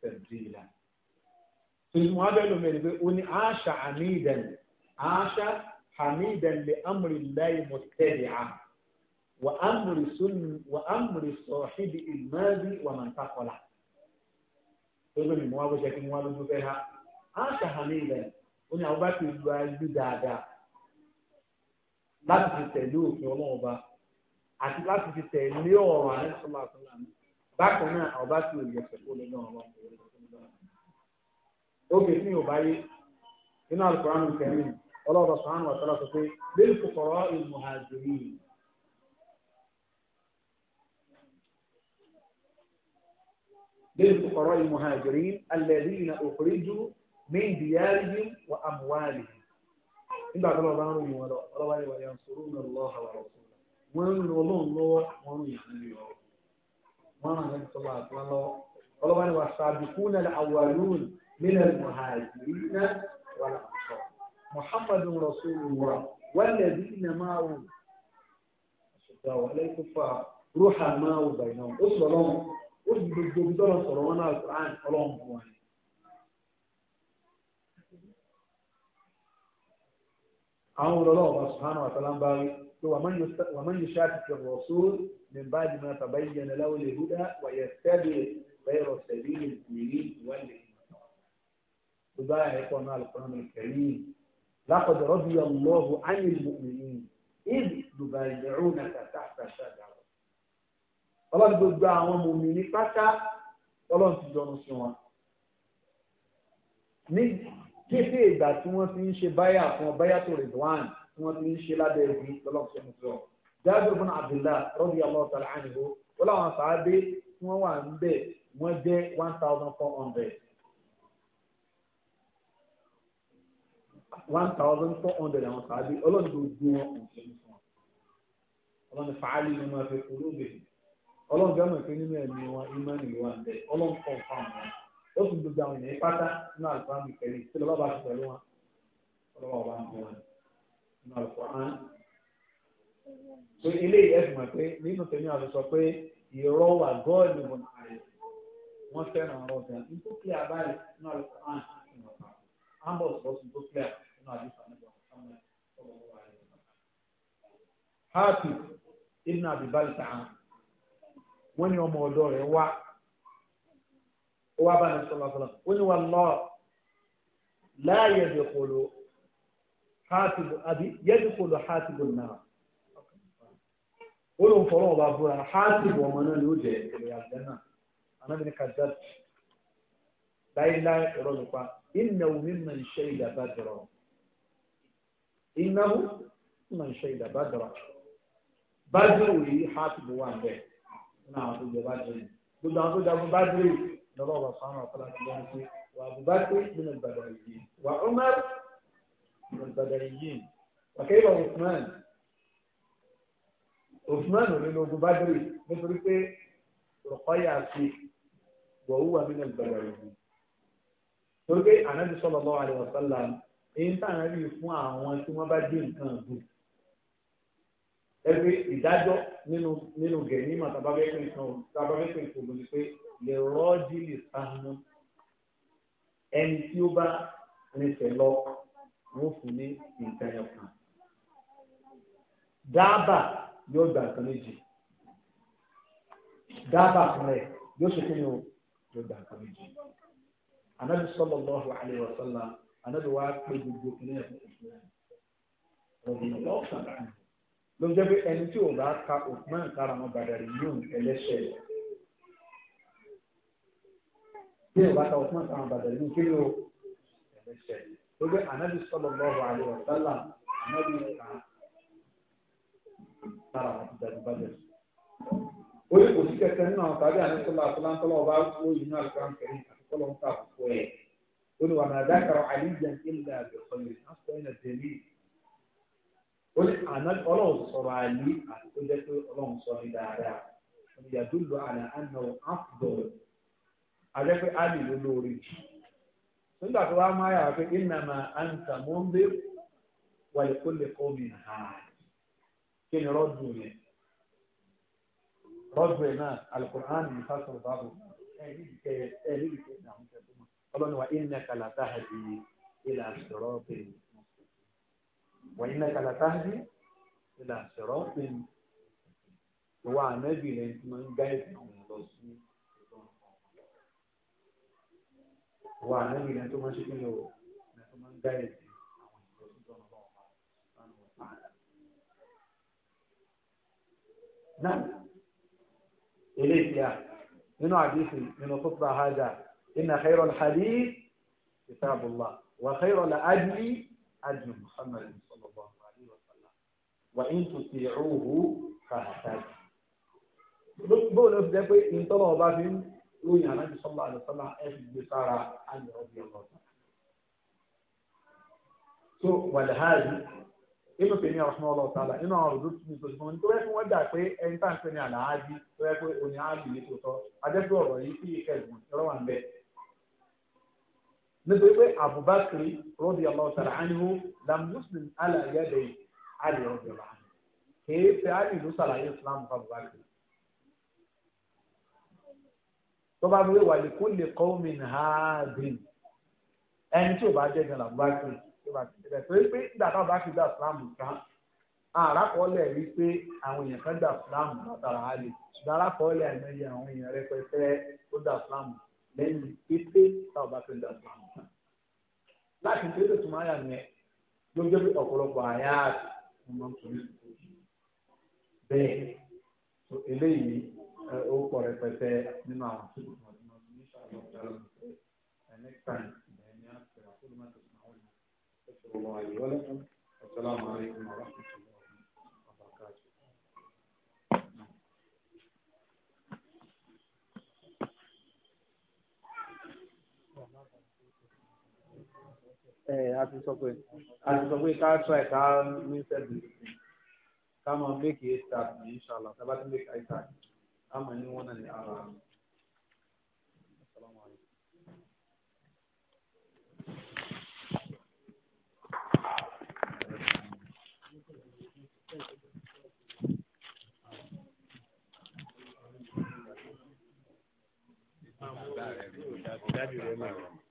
tẹ̀síìlà tuntun wọn bẹ lómi ẹni pé ó ní àṣà hamidan àṣà hamidan lè amúri láì mọ̀tẹ́lẹ̀ à wà amúri sunni wà amúri sọ̀hídì ìmáàbí wà máa ń takọ̀lá tó lómi kí wọ́n lójú fẹ́ ha àṣà hamidan ó ní àwọn bá ti lu ayé dáadáa láti tẹ̀lé òfin ọlọ́run ọba. àti láti fi tẹ̀lé ọ̀rọ̀ àrẹ sọ́lá sọ́lá mi bákan náà ọba tí ò yẹ sẹ́kó lé náà lọ. Oge tí yóò bá yé inú Al-Qur'an Karim ọlọ́run subhanahu wa ta'ala sọ pé lil na al-muhajirin. wa amwalihim. Nígbà tó lọ́ọ́ bá ń ròyìn yansuru wọ́n ń lo ọlọ́run lọ́wọ́ wọ́n ń yàn án lọ́wọ́ wọ́n ràn án sọ́wọ́ àtúwọ́n lọ́wọ́ ọlọ́wọ́ ni wà sàbìkún náà àwàlúùn nílẹ̀ mùhàjìrínà wà lásọ muhammadun rasulullah wàlẹ́bí nàmáwò ṣùgbọ́n wà lẹ́kọ̀ọ́ fà rúhà máwò bàyìnà ó sọ̀rọ̀ ó sì gbogbo bí tọ́lọ̀ sọ̀rọ̀ wọn náà kúrán ọlọ́run fún wọn. àwọn olùrànlọ́wọ́ ومن يشاكك الرسول من بعد ما تبين له الهدى ويتبع غير سبيل المؤمنين يوله أولئك مع القرآن الكريم لقد رضي الله عن المؤمنين إذ يبايعونك تحت الشجرة ọlọ́run gbogbo àwọn mòmìnì pátá ọlọ́run ti jọnu sí wọn ní kété ìgbà tí wọ́n ti ń ṣe báyà fún ọ báyà tó rẹ̀ dùn án tí wọ́n ti ń ṣe lábẹ́ ìwé lọ́lọ́sọ nìkan jáde fún abdullah rọ́bì aláwọ̀tà ànìbó wọ́n làwọn sàábé tí wọ́n wà ń bẹ̀ wọ́n jẹ́ one thousand four hundred. one thousand four hundred àwọn sàábé ọlọ́run tó gbé wọn kò sí fún wọn fàálì ni wọ́n fẹ́ olóògbé ọlọ́run fẹ́ mọ̀ pé nínú ẹ̀mí wọn ìmọ̀ nìyí wà ń bẹ̀ ọlọ́run kọ̀ fáwọn wọn ó sì gbogbo àwọn ènìyàn pátá nínú àlùfáà mi kẹrin nínú Al-Qur'an pé ilé ẹ̀sìn mọ̀ pé nínú tèmi àlọ́ pé ìrọ̀ wà gọ́ọ̀lù wọn ààrẹ wọ́n fẹ́ràn ọ̀rọ̀ ọ̀gá nítorí pé abáyé nínú Al-Qur'an ambos bọ́sù tó clear nínú àdìsá nígbà wọ́n ní ọmọ ọ̀dọ́ rẹ̀ wá wá bá ní ó ní wà láàyè hátìbù àbí yẹ́dùkọlù hátìbù náà ó lóun fọwọ́ ọba búra hátìbù ọmọ náà ló jẹ ìròyìn àgbẹ̀ náà anábìnrin kàjá láíláí ọ̀rọ̀ nípa ìnáwó mímọ̀ ìṣe ìdàbà dọ̀rọ̀ ìnáwó mímọ̀ ìṣe ìdàbà dọ̀rọ̀ bájúwò yìí hátìbù wà bẹ́ẹ̀ náà àwọn tó jẹ bájúwò yìí gbogbo àwọn tó jagun bájúwò yìí lọ́wọ́ ọba sọ́nà ọ̀kọ́lá ti lọ́wọ́ pé wà àbúbákẹ́ nínú ìgbàgbọ́ yìí wà ọmọ والبدريين وكيف عثمان عثمان لنوب بدري مثل رقيع فيه وهو من البدريين torí pé ànábì sallallahu alaihi wasallam èyí tá à ń rí fún àwọn tí wọ́n bá dé nǹkan ọ̀gbìn ẹgbẹ́ ìdájọ́ nínú nínú gẹ̀ẹ́nì mà tàbábẹ́pẹ́ nǹkan tàbábẹ́pẹ́ nǹkan ọ̀gbìn pé lè rọ́ọ̀dì lè sáhánú ẹni tí ó bá rinṣẹ́ lọ wọ́n fún ní nǹkan ẹ̀kan dáàbà yóò gba nǹkan méjì dáàbà fúnra ẹ̀ yóò ṣe kíni o yóò gba nǹkan méjì anabi sallallahu alaihi wa sallam anabi wa pé gbogbo kìnìún ẹ̀ ọ̀gbìn lọ́ọ̀sán ló ń jẹ́ pé ẹni tí ò bá ka Uthman kára wọn Badari yóò ẹlẹ́ṣẹ̀ rẹ̀. bí ò bá ka Uthman kára wọn Badari yóò kí ló lórí ànábì sọlọ lọrọ àlẹ ọsálà ànábì ìka sára àti dàdúbàjẹ. ó yẹ kò sí kẹkẹ nínú àwọn tàbí àníkọlọ àtúntàntọlọ ọba wọ yìí náà lọkàn kẹrin àtúntọlọ ń ta àkókò ẹ ó ní wàhálà dákàrọ àlíjà ilẹ àgbẹkọlẹ àtúntọ ẹ nàdẹlí ó ní ànábì Ọlọ́run sọ̀rọ̀ àlí àti tó jẹ pé Ọlọ́run sọ ní dáadáa ìyàdúlọ àná àfùdọ àjẹpẹ àlè ló lóore jù. سند اخوا ما يعرف انما انت منذر ولكل قوم هاد كن رجل رجل ما القران مفسر بعض وانك لا تهدي الى صراط وانك لا تهدي الى صراط هو نبي لانتم جايز من الله 哇，那你连东方系统有，那什么概念？نعم إليك يا من حديث من خطبة هذا إن خير الحديث كتاب الله وخير الأجل أجل محمد صلى الله عليه وسلم وإن تطيعوه فهتد بقول أفضل إن طلعوا بعضهم lóyìn anábì sọ́lá àlùfáà ẹ̀sìn gbé sára àyè ọ̀bì ọ̀lọ́sà. tó wàlẹ́hàáyì inú tèmi àwọn ọmọ ọlọ́ọ̀ta là inú àwọn òdòdó tìmí tó ti fún mi tó yẹ kí wọ́n dà pé ẹni tá à ń pè ní àlàájì tó yẹ pé òní àbì ní tòótọ́ adẹ́gbẹ́ ọ̀rọ̀ yìí sí ìkẹgùn ìrọ̀wà ń bẹ̀. nítorí pé Abubakar rọ́bì ọlọ́ọ̀ta là ánìhó lam muslim alàyẹ̀dẹ̀ àlè ọ̀bì ọ̀là kèé fẹ́ àlè ló sàlàyé Islam fún Abubakar tó bá wí wàlí kó lè kọ́ omi nàádìn ẹni tí ò bá jẹ́ gan làbúrò àti tó bá ti bẹ̀rẹ̀ torí pé nígbà táwọn bá fi gba ìsìlámù kan àràkọọ́lẹ̀ rí pé àwọn èèyàn kan gba ìsìlámù látara àlè ṣùgbọ́n àràkọọ́lẹ̀ àìmọye àwọn èèyàn rẹpẹtẹ tó gba ìsìlámù lẹ́yìn pípé táwọn bá fi gba ìsìlámù kan láti ṣe é máa yà ní ẹ lójú pé ọ̀pọ̀lọpọ̀ àyà àti bẹ́ẹ̀ eléyìí ó pọ̀ rẹpẹtẹ nínú àwọn tó kù wọn nínú ní sàlọ ọ̀daràn next time ìgbà ẹni á fẹ́ àkókò máa tẹ̀sán àwọn ìlú ẹ̀sẹ̀ ọmọ àyè wọlé assalamu alaikum wa rahmatullahi wa barakatuh. a ti sọ pé a ti sọ pé ká tọ́ ká ní sẹ́ẹ̀dì ká mọ méèkì ẹ̀ sáà ní inshallah tábàtí méèkì ẹ̀ sáà. أما أني وانا اللي السلام عليكم very much.